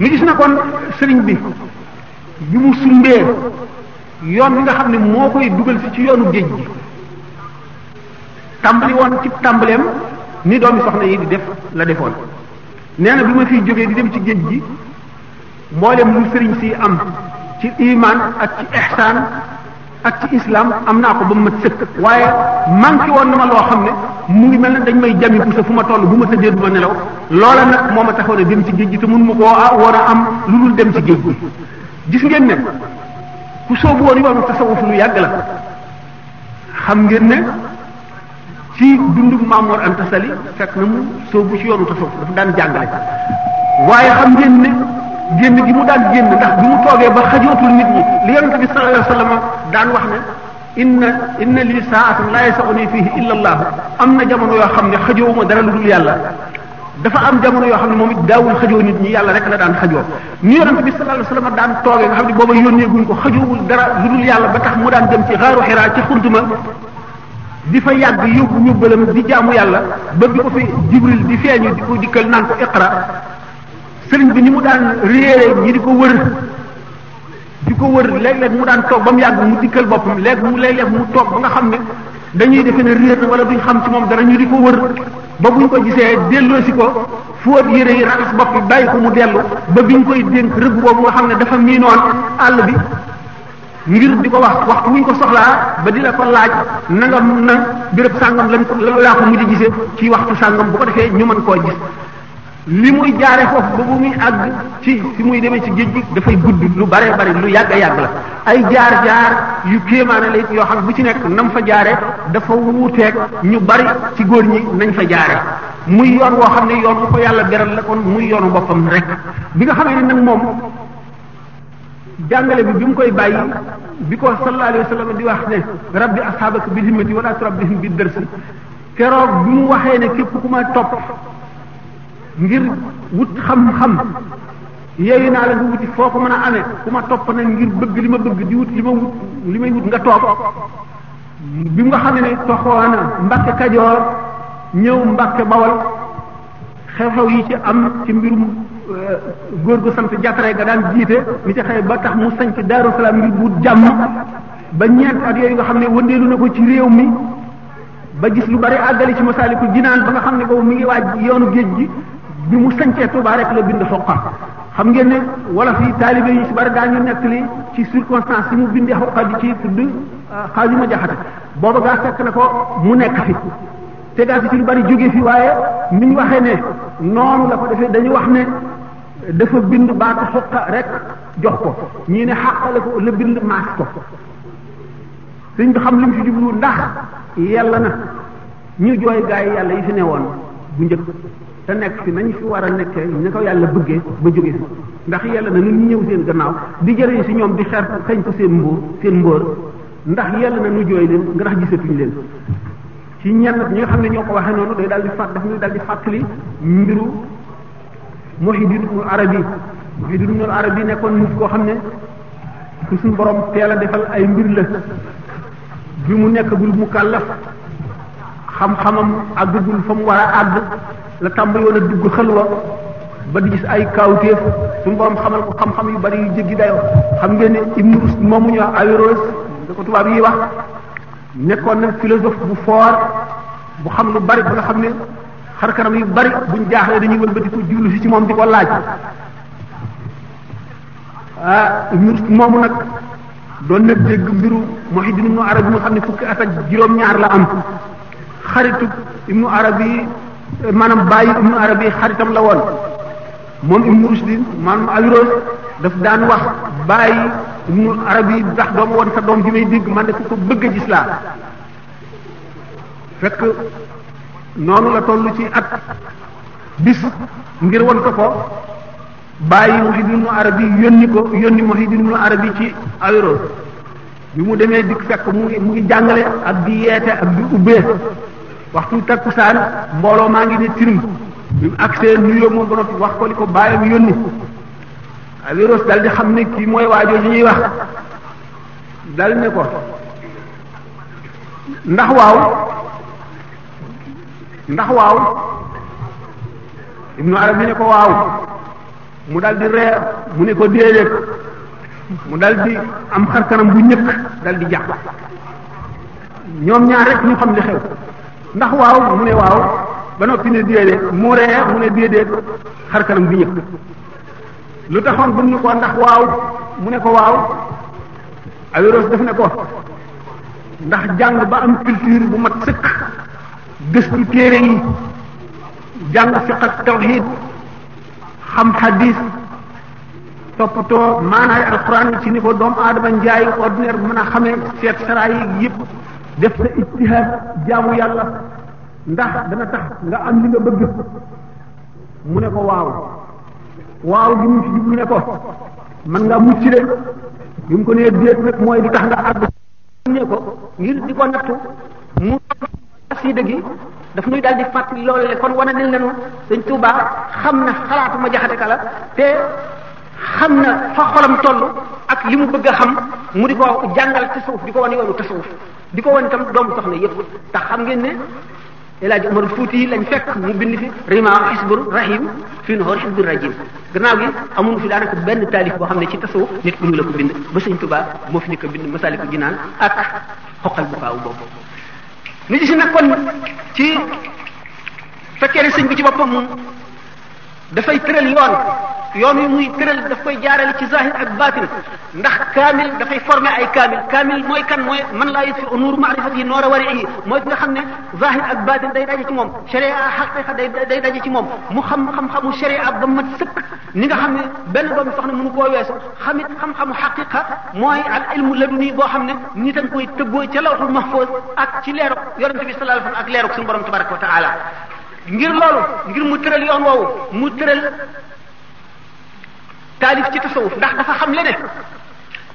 ñu gis na kon sëriñ bi bi mu sumbee yoon wi nga xam ne moo koy dugal si ci yoonu géej gi tàmbali woon ci tàmbaleem ni doomi soxna yi di def la defoon nee na bi ma fiy jógee di dem ci géej gi mboolem mu sëriñ si am ci imaan ak ci ihsaan ak ci am naa ko ba mu ma sëkk waaye manqué woon na ma loo xam ne mu ngi mel ne dañ may jami pusa fu ma toll bu ma tëddee du ma nelaw loola nag moo ma taxoon a dem ci géej gi te mun ma koo ah war a am lu dul dem ci géej gi gis ngeen ne ku soobu woon yoonu tasawuf lu yàgg la xam ngeen ne ci dundum Maamoor Anta Sali fekk na mu soobu ci yoonu tasawuf dafa daan jàngale waaye xam ngeen ne génn gi mu daan génn ndax bi mu toogee ba xajootu nit ñi li yonent bi sallallahu alayhi wa sallam daan wax ne inna li saatan laa yasauni fihi illa allah am na jamono yoo xam ne xajoowuma dara lu dul yàlla dafa am jamono yoo xam ne moom it daawul xajoo nit yàlla rek la daan xajoo ni yonent bi sallallahu alayhi wasallam daan toogee nga xam ne booba yónneeguñ ko xajoowul dara lu dul yàlla ba tax mu daan dem ci xaaru xiraa ci xuntuma di fa yàgg yóbbu ñubbalam di jaamu yàlla ba bi ko fi jibril di feeñu di ko dikkal naan ko iqra sëriñ bi ni mu daan réere ñi di ko wër di ko wër léeg-léeg mu daan toog ba mu yàgg mu dikkal boppam lekk mu léeg mu toog bu nga xam ne dañuy defe ne réer na wala duñ xam ci moom dara ñu di ko wër ba buñ ko gisee delloosi ko fóot yére yi raxas bopp bi bàyyi ko mu dellu ba biñ koy dénk rëbb boobu nga xam ne dafa miinoon àll bi ngir di ko wax waxtu wuñ ko soxlaa ba di la ko laaj nangam na béréb sàngam lañ ko laa ko di gisee ci waxtu sàngam bu ko defee ñu mën koo gis li muy jaare foofu ba bu muy àgg ci fi muy demee ci géej gi dafay gudd lu bare bare lu yàgg a yàgg la ay jaar jaar yu kéemaane la it yoo xam bu ci nekk nam fa jaare dafa wuuteeg ñu bari ci góor ñi nañ fa jaare muy yoon woo xam ne yoon bu ko yàlla beral la kon muy yoonu boppam rek bi nga xamee ne nag moom jàngale bi bi mu koy bàyyi bi ko sallallahu alayhi wa sallam di wax ne rabbi ashabaka bil himmati wala turabbihim bi dërsi keroog bi mu waxee ne képp ku ma topp ngir wut xam-xam yeeyu naa la nga wuti foo ko mën a amee ku ma topp nag ngir bëgg li ma bëgg di wut li ma wut li may wut nga toog bi nga xam ne toxoona Mbàkke Kajoor ñëw Mbàkke Bawol xew-xew yi ci am ci mbirum euh, góor gu sant jàttare nga daan jiite ni ci xëy ba tax mu sañ ci Daaru Salaam ngir wut jàmm ba ñeent at yooyu nga xam ne wëndeelu na ko ci réew mi ba gis lu bari àggali ci Masaalikul Jinaan ba nga xam ne ko mu ngi waaj yoonu géej gi bi mu sancee Touba rek la bind xoqa xam ngeen ne wala fi taalibe yi si bari daañu nekk li ci circonstance yi mu bindee xoqa di ci tudd ah, xaajuma jaxate booba gaa fekk na ko mu nekk fi te gaa fi ci lu bari jóge fi waaye ni ñu waxee ne noonu la ko defee dañu wax ne dafa bind baatu xoqa rek jox ko ñii ne xàq la ko la bind maas ko sëñ bi xam li mu si jublu ndax yàlla na ñu jooy gaa yi yàlla yi fi ne woon bu njëkk te nekk fi nañ fi war a nekkee ni ko yàlla bëggee ba jóge fi ndax yàlla na nu ñëw seen gannaaw di jëriñ si ñoom di xer xëñ ko seen mbóor seen mbóor ndax yàlla na nu jooy leen nga tax gisatuñ leen ci ñenn ñi xam ne ñoo ko waxee noonu day daal di fàtt daf ñuy daal di fàttali mbiru Muhyiddin ibn Arabi Muhyiddin ibn Arabi nekkoon nit koo xam ne ku suñu borom teel a defal ay mbir la bi mu nekkagul bul mu kàllaf xam-xamam àggagul fa mu war a àgg la tàmbali woon a dugg xëlwa ba di gis ay kaawteef suñu borom xamal ko xam-xam yu bari yu jéggi dayoo xam ngeen ne Ibnu Rushd moom mu ñu wax Averroès ko tubaab yi wax nekkoon na philosophe bu fort bu xam lu bari ba nga xam ne xar kanam yu bari buñ jaaxlee dañuy wëlbati ko jublu si ci moom di ko laaj ah Ibnu moomu nag doon na dégg mbiru Muhyiddin Ibnu Arabi mu xam ne fukki at ak juróom-ñaar la am xaritu Ibnu Arabi maanaam bàyyi ibnu arabi xaritam la woon moom ibnu rusdi maanaam daf daan wax bàyyi ibnu arabi ndax dooma woon sa doom ji may dégg man ne ku ko bëgg a gis laa fekk noonu la toll ci at bis ngir won ko ko bàyyi Muhyiddin ibnu Arabi yónni ko yónni Muhyiddin ibnu Arabi ci Ayros bi mu demee dikk fekk mu ngi mu ngi jàngale ak bi yeete ak di ubbee waxtu takkusaan mbooloo maa ngi ne tirim bi mu agsee nuyoo moom wax ko li ko bàyyam yónni Averroès dal di xam ne kii mooy waajoo ji ñuy wax dal ne ko ndax waaw ndax waaw Ibnu Arabi ne ko waaw mu dal di reer mu ne ko déedéet mu dal di am xar kanam bu ñëkk dal di jàpp ñoom ñaar rek ñu xam li xew ndax waaw mu ne waaw ba noppi ne déedéet mu ree mu ne déedéet xar kanam bi ñëpp lu taxoon bu ñu ko ndax waaw mu ne ko waaw Averroès daf ne ko ndax jàng ba am culture bu mat sëkk gëstu téere yi jàng fiq ak tawxiid xam xadis toppatoo maanaay alquran ci ni ko doomu aadama njaay ordinaire bu mën a xamee seet saraay yi yëpp def sa ijtihaad jaamu yàlla ndax dana tax nga am li nga bëgg mu ne ko waaw waaw gi mu ci jublu ne ko man nga mucc de bi mu ko nee déet nag mooy du nga ne ko ngir di ko nattu mu xasida gi daf nuy daal di fàttali loolu le kon wane nañ leen sëñ Tuuba xam na xalaatu ma jaxate kala te xam na fa xolam toll ak li mu bëgg a xam mu di ko jàngal tasawuf di ko wan yoonu tasawuf di ko woon itam doomu soxna yëpp tax xam ngeen ne El Hadj Omar Fuuti yi lañ fekk ñu bind fi rima xisbur fi fii noor xisbur rajim gannaaw gi amuñu fi daanaka benn taalif boo xam ne ci tasawuf nit ku la ko bind ba sëñ Tuubaa moo fi njëkk a bind Masaliku Jinaan ak xoqal bu faaw boobu ñu gis nag kon ci fekkee bi ci boppam dafay tëral yoon yoon wi muy tëral daf koy jaarale ci zahir ak batin ndax kaamil dafay former ay kaamil kaamil mooy kan mooy man laa yutfi nuur maarifat yi noora wari yi mooy ki nga xam ne zahir ak batin day daje ci moom sharia a day day daje ci moom mu xam xam-xamu sharia ba mat sëkk ni nga xam ne benn doomi soxna mënu koo weesu xamit xam-xamu haqiqa mooy al ilmu laduni boo xam ne ñi tan koy tëggoo ca lawhul mahfuz ak ci leeruk yonente bi sallallahu ak leeruk suñu borom tabaraka wa taala ngir loolu ngir mu tëral yoon woowu mu tëral taalif ci tasawuf ndax dafa xam le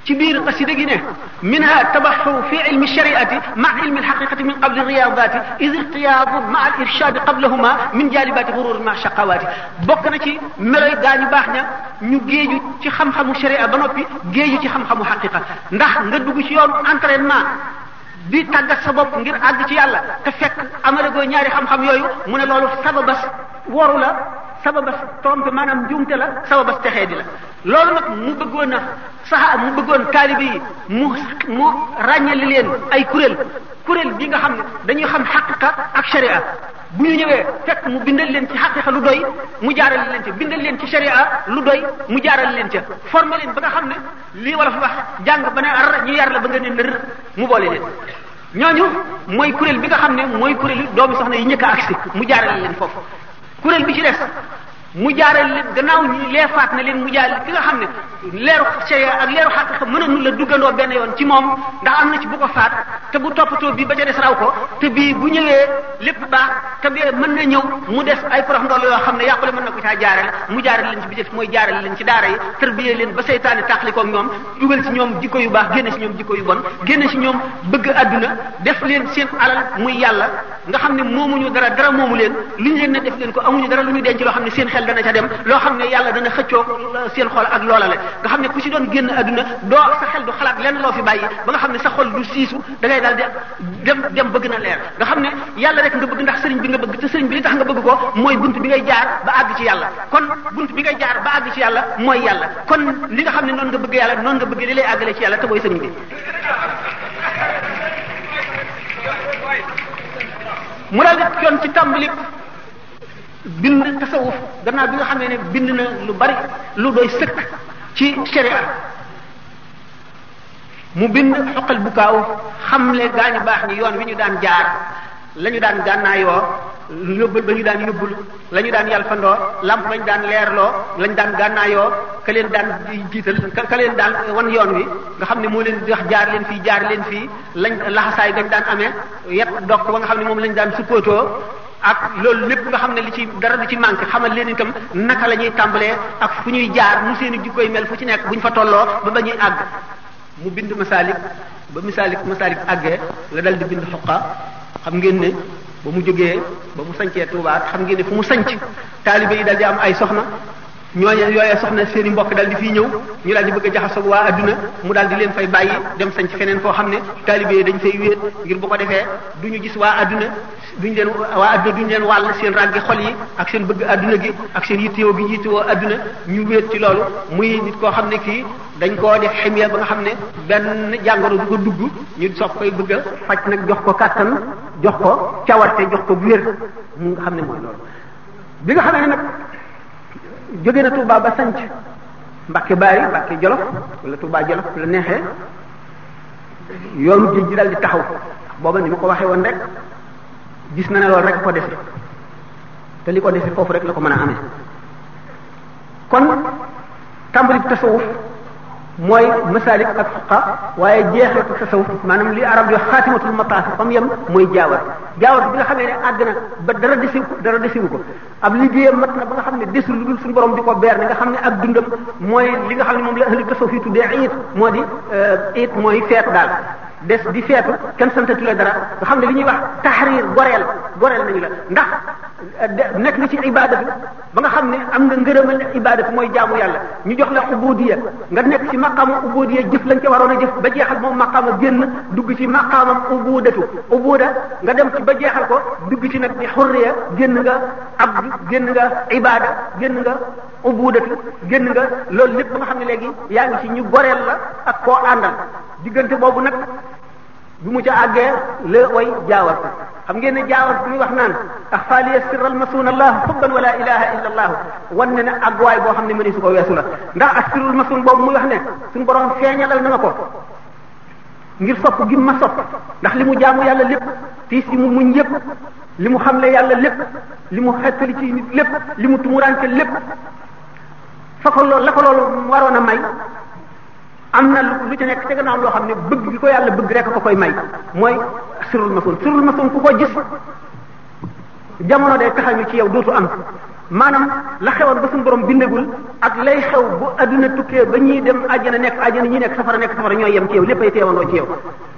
ci biir qasida gi ne minha tabaxu fi ilmi shariati ma ilmi alxaqiqati a qabli riyadati id irtiyaadu ma al irshadi qablahuma min jalibati gurur ma shaqawaati bokk na ci meloy gaa ñu baax ña ñu géeju ci xam-xamu sharia ba noppi géeju ci xam-xamu xaqiqa ndax nga dugg ci yoonu entraînement di tàggat sa bopp ngir àgg ci yàlla te fekk amale gooy ñaari xam-xam yooyu mu ne loolu sababas woru la sababas trompe maanaam njuumte la sababas texee di la loolu nag mu bëggoon a sax mu bëggoon taalibe yi mu mu ràññali leen ay kuréel kuréel gi nga xam ne dañuy xam xaqiqa ak sharia bu ñu ñëwee fekk mu bindal leen ci xaqiqa lu doy mu jaarale leen ca bindal leen ci sharia lu doy mu jaarale leen ca formé leen ba nga xam ne lii wala fa wax jàng ba ne ar ñu yar la ba nga ne nër mu boole leen ñooñu mooy kuréel bi nga xam ne mooy kuréel yi doomi soxna yi ñëkk ak agsi mu jaarale leen foofu kuréel bi ci des mu jaaree leen gannaaw ñi lee faat na leen mu jaar ki nga xam ne leeru sharia ak leeru xaqiqa la duggandoo benn yoon ci moom ndax am na ci bu ko faat te bu toppatoo bi ba ca des raw ko te bii bu ñëwee lépp baax te bee mën na ñëw mu des ay prof ndool yoo xam ne yàqule mën na ko caa jaareel mu jaareel leen ci bi ci daara yi tërbiyee leen ba seytaane tàqlikoog ñoom dugal ci ñoom jikko yu baax génne ci ñoom jikko yu bon génne ci ñoom bëgg àdduna def leen seen alal nga xam ne ne def leen ko amuñu dara lu ñu ne seen xel xel dana ca dem loo xam ne yàlla dana xëccoo seen xol ak loola nga xam ne ku ci doon génn àdduna doo sa xel du xalaat lenn loo fi bàyyi ba nga xam ne sa xol du siisu da ngay daal di dem dem bëgg na leer nga xam ne yàlla rek nga bëgg ndax sëriñ bi nga bëgg te sëriñ bi li tax nga bëgg ko mooy bunt bi ngay jaar ba àgg ci yàlla kon bunt bi ngay jaar ba àgg ci yàlla mooy yàlla kon li nga xam ne noon nga bëgg yàlla noonu nga bëgg li lay àggale ci yàlla bind tasawuf gannaaw bi nga xamee ne bind na lu bari lu doy sëkk ci sharia mu bind xoqal bu kaaw xamle gaañu baax ñi yoon wi ñu daan jaar lañu daan gànnaayoo lu yóbbal ba ñu daan yóbbul la ñu daan yalfandoo lamp ba ñu daan leerloo la daan gànnaayoo ka leen daan jiital ka leen daan wan yoon wi nga xam ne moo leen di jaar leen fii jaar leen fii lañ laxasaay gañ daan amee yet dok ba nga xam ne moom lañ daan suppootoo ak loolu lépp nga xam ne li ci dara du ci manqué xamal leen itam naka la ñuy tàmbalee ak fu ñuy jaar mu seen i koy mel fu ci nekk bu ñu fa tolloo ba ba ñuy àgg mu bind masaalik ba masaalik masaalik àggee la dal di bind xoqa xam ngeen ne ba mu jógee ba mu sancee Tuubaa xam ngeen ne fu mu sanc taalibe yi dal di am ay soxna ñooña yooya soxna seen i mbokk daal di fii ñëw ñu daal di bëgg a jaxasoo waa adduna mu daal di leen fay bàyyi dem sañ ci feneen foo xam ne taalibe dañ fay wéet ngir bu ko defee du ñu gis waa adduna duñu leen waa adduna duñu leen wàll seen ràggi xol yi ak seen bëgg adduna gi ak seen yittewoo gi ñu yittewoo adduna ñu wéet ci loolu muy nit koo xam ne kii dañ koo def ximiya ba nga xam ne benn jàngoro bu ko dugg ñu soog koy bëgg a faj nag jox ko kàttan jox ko cawarte jox ko bu wér mu nga xam ne mooy loolu bi nga xamee nag jóge na Touba ba sanc Mbàkke Baari Mbàkke Jolof wala Touba Jolof la neexee yoon géej ji daal di taxaw booba ni ma ko waxee woon rek gis na ne loolu rek ko defe te li ko defe foofu rek la ko mën a amee kon tàmbali tasawuf mooy masalik ak fuqa waaye jeexeetu tasawuf maanaam li arab yo xaatimatul mataafi fam yem mooy jaawat jaawat bi nga xamee ne àgg na ba dara desiw ko dara desiwu ko ab liggéeyam mat na ba nga xam ne desul lu dul suñu borom di ko beer ne nga xam ne ak dundam mooy li nga xam ne moom la ahli tasawuf yi tuddee iit moo di euh, iit mooy feet daal des di feetu kenn santatu la dara nga xam ne li ñuy wax taxriir goreel goreel nañu la ndax nekk nga ci ibadatu ba nga xam ne am nga ngërëmal ibadatu mooy jaamu yàlla ñu jox la ubudiya nga nekk ci maqaama ubudiya jëf lañ ca waroon a jëf ba jeexal moom maqaama génn dugg ci maqaamam ubudatu ubuda nga dem ci ba jeexal ko dugg ci nag di xurriya génn nga abd génn nga ibada génn nga ubudatu génn nga loolu lépp ba nga xam ne léegi yaa ngi ci ñu goreel la ak koo àndal diggante boobu nag bi mu ca àggee la way jaawar xam ngeen ne jaawar bi muy wax naan axfa li yasiral masuuna allah xubban wala ilaha illa allah wan ne ne àgguwaay boo xam ne mëni su ko weesu la ndax asirul masuun boobu muy wax ne suñu borom feeñalal na ma ko ngir sopp gi ma sopp ndax li mu jaamu yàlla lépp tiis yi mu muñ yépp li mu xamle yàlla lépp li mu xettali ci lépp li mu tumuraante lépp fa ko loolu la ko loolu waroon a may am na lu lu ci nekk ca gannaaw loo xam ne bëgg gi ko yàlla bëgg rek ko koy may mooy sirul masoon sirul masoon ku ko gis jamono day taxañu ci yow dootu am maanaam la xewoon ba suñu borom bindagul ak lay xew bu adduna tukkee ba ñuy dem àjjana nekk àjjana ñi nekk safara nekk safara ñooy yem ci yow léppay teewandoo ci yow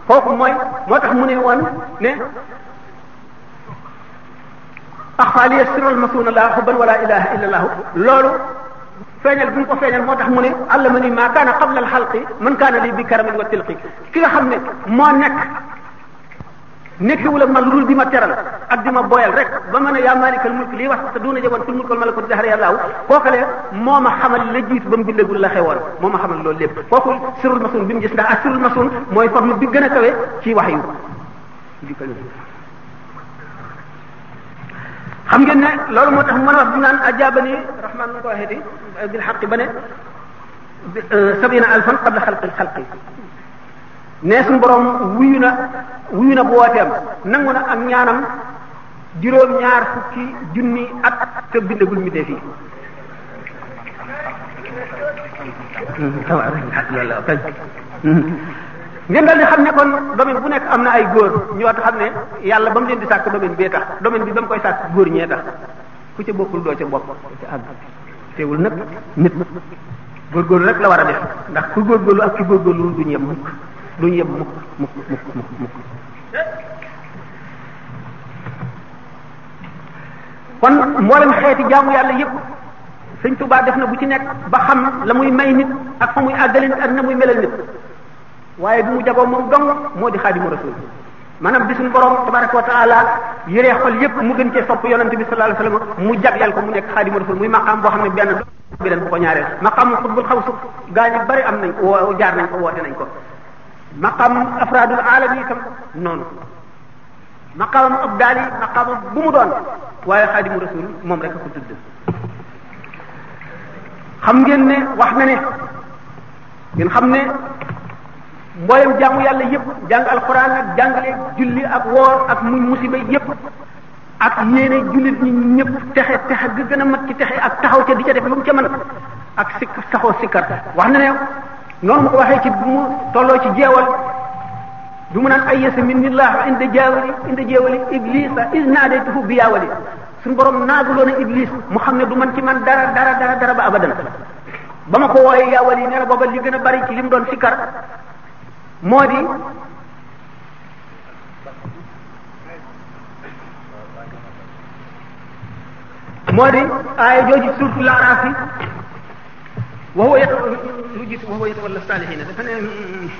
kooku mooy moo tax mu ne woon ne axfaaliya sirul masuuna laa xubban wala la illa allahu loolu feeñal bi ñu ko feeñal moo tax mu ne allama ni maa kaana qabla al xalqi man kaana li bi karamin wa tilqi ki nga xam ne moo nekk nekkiwul ak man lu dul di ma teral ak di ma boyal rek ba ma ne yaa maalikal mulk lii wax te duuna jaboon fil mulk wal malakut dahra yàllaahu kookale moo ma xamal la jiit ba mu bindagul la xewoon moo ma xamal loolu lépp kooku sirul masun bi mu gis ndax ak sirul masun mooy forme bi gën a kawe ci wax yu xam ngeen ne loolu moo tax mën a wax bi naan ajabani rahman nu ko waxee di bil xaqi ba ne euh, sabina alfan qabla xalqil xalqi ne suñu borom wuyu na wuyu na bu wooteem nangu na ak ñaanam juróom ñaar fukki junni at te bindagul mi dee fii hmm, ngeen daal di xam ne kon domaine bu nekk am na ay góor ñoo tax xam ne yàlla ba mu leen di sàkk domaine bee tax domaine bi ba mu koy sàkk góor ñee tax ku ca bokkul doo ca bokk ca àgg teewul nag nit góorgóorlu rek la war a def ndax ku góorgóorlu ak ku góorgóorlu duñu yem mukk duñu yem mukk mukk mukk mukk mukk kon mboolem xeeti jaamu yàlla yépp sëñ Tuubaa def na bu ci nekk ba xam la muy may nit ak fa muy àggale nit ak na muy melal nit waaye bi mu jagoo moom dong moo di xaadimu rasul maanaam bi suñu borom tabaraka wa taala yëree xol yépp mu gën cee sopp yonent bi sallallahu alayhi wasallam mu jagleel ko mu nekk xaadimu rasul muy maqaam boo xam ne benn beneen bu ko ñaareel maqaamu xutbul xawsu gaa ñu bari am nañ ko woo jaar nañ ko woote nañ ko maqaamu afraadul aalam yi itam noonu maqaamam abdaal yi maqaamam bu mu doon waaye xaadimu rasul moom rek a ko tudd xam ngeen ne wax na ne ngeen xam ne mboolem jaamu yàlla yëpp jàng alxuraan ak jàngale julli ak woor ak muñ musiba yëpp ak yéene jullit ñi ñëpp texe texe gi gën a mag ci texe ak taxaw ca di ca def lu mu ca man ak sikk saxoo sikkar wax na ne noonu mu ko waxee ci bu mu tolloo ci jeewal du mu naan ay yasa minillah inda jaawali inda jeewali iblisa is naadaytuhu bi yaawali suñu borom naaguloo na iblis mu xam ne du man ci man dara dara dara dara ba abadan ba ma ko wooyee yaawali nee na booba li gën a bari ci li mu doon sikkar moo di moo di aaya jooju surtout laaraaf yi wa huwa lu gis wa huwa yatawalla saalihina dafa ne mm,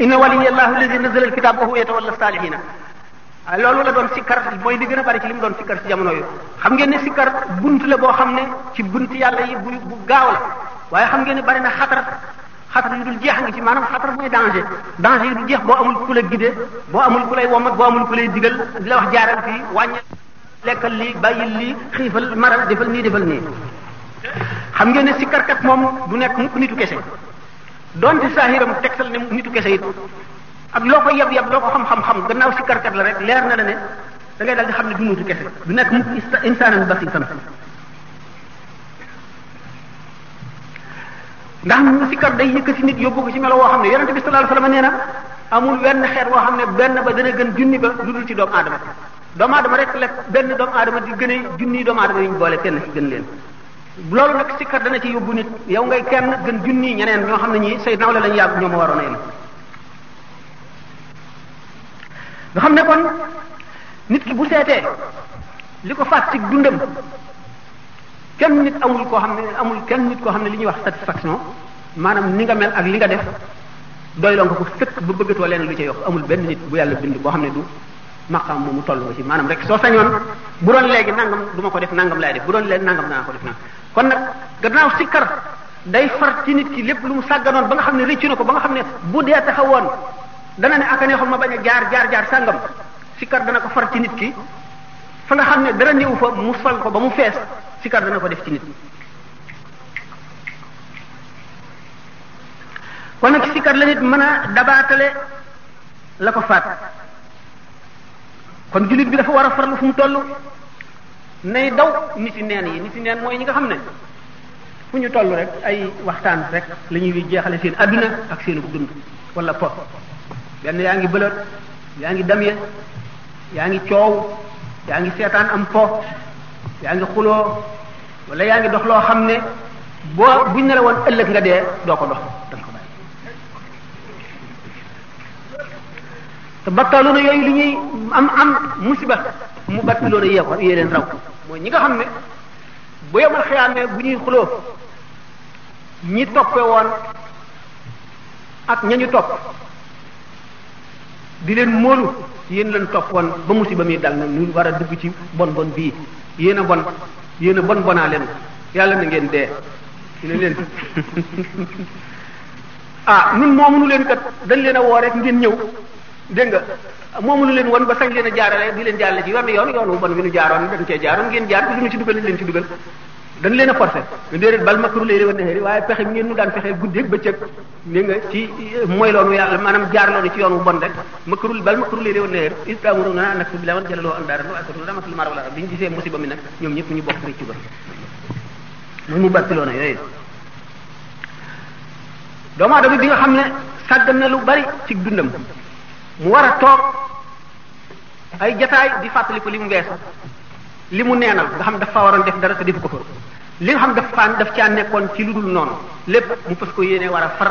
inna waliya allahu alladi nazala alkitab wa huwa yatawalla saalihina ah, loolu la doon sikkar mooy li gën a bari ci li mu doon sikkar ci jamono yu xam ngeen ne sikkar bunt la boo xam ne ci bunt yàlla yi bu bu gaaw la waaye xam ngeen ne bari na xatar xatar yu dul jeex nga ci maanaam xatar mooy danger danger yu dul jeex boo amul ku la guidé boo amul ku lay womat boo amul ku lay digal di la wax jaaral fii wàññi lekkal lii bàyyil lii xiifal maral defal nii defal nii xam ngeen ne sikkarkat moom du nekk mukk nitu kese donte saahiram tegtal ne nitu kese it ak loo ko yab yab loo ko xam-xam-xam gannaaw sikkarkat la rek leer na la da ngay daal xam ne du nitu kese du nekk mukk insaanan basitan ndax mu sikkar day yëkkati nit yóbbu ko ci melo woo xam ne yonente bi sallallahu alayhi wasallam nee na amul wenn xeet woo xam ne benn ba dana gën junni ba lu dul ci doomu aadama doomu aadama rek la benn doomu aadama di gën a junni doomu aadama yi ñu boole kenn ci gën leen loolu nag sikkar dana ci yóbbu nit yow ngay kenn gën junni ñeneen ñoo xam ne ñii say nawle lañu yàgg ñoom waroon a yem nga xam ne kon nit ki bu seetee li ko faat ci dundam kenn nit amul koo xam ne amul kenn nit koo xam ne li ñuy wax satisfaction maanaam ni nga mel ak li nga def doyloo nga ko sëkk ba bëggatoo leneen lu ca yokk amul benn nit bu yàlla bind boo xam ne du maqaam moomu toll nga ci maanaam rek soo sañoon bu doon léegi nangam du ma ko def nangam laay bu doon léegi nangam danaa ko def nangam kon nag gannaaw sikkar day far ci nit ki lépp lu mu sàgganoon ba nga xam ne rëccu na ko ba nga xam ne bu dee taxawoon dana ne aka neexoon ma bañ a jaar jaar jaar sàngam sikkar dana ko far ci nit ki fa nga xam ne dara néew fa mu fal ko ba mu fees sikar dana ko def ci nit kon nag sikar la nit mën a dabaatale la ko faat kon jullit bi dafa war a farlu fu mu toll nay daw nit yi neen yi nit yi neen mooy ñi nga xam ne fu ñu toll rek ay waxtaan rek la ñuy jeexale seen adduna ak seen dund wala po benn yaa ngi bëlët yaa ngi damye yaa ngi coow yaa ngi seetaan am po yaa ngi xuloo wala yaa ngi dox loo xam ne boo buñ ne la woon ëllëg nga dee doo ko dox danga ko bàyyi te battaaloona yooyu li ñuy am am musiba mu battaaloona yee ko yee leen raw mooy ñi nga xam ne bu yemal xiyaamee bu ñuy xuloo ñi toppe woon ak ñañu topp di leen móolu yéen leen topp woon ba musiba mi dal na ñu war a dugg ci bon bon bii yéen a bon yéen a bon bonaa leen yàlla na ngeen dee ñu ne leen ah nun moomunu leen kat dañ leen a woo rek ngeen ñëw dégg nga moomunu leen woon ba sañ leen a jaarale di leen jaarale ci yoon yoon yoonu bon bi nu jaaroon dañ cee jaaroon ngeen jaar bi lu ñu ci dugal leen ci dugal dañ leen a forcé nga déedéet bal makru layli wan pexe ngeen nu daan pexe guddeeg bëccëg ni nga ci euh, mooy loonu yàlla maanaam jaar loonu ci yoon wu bon rek makru bal makru layli wan nahaari istamoro na nag bi la wan jëlaloo aldaara wa asruna ramasal mar wala bi ñu gisee musiba mi nag ñoom ñëpp ñu ba muy mu bartiloona yooyu doomu nga xam ne sàggan na lu bari ci dundam mu war a toog ay jataay di fàttali ko li mu weesu li mu neenal nga xam dafa waroon def dara te defu ko fa li nga xam daf faan def caa nekkoon ci lu dul noonu lépp mu fas ko yéene war a far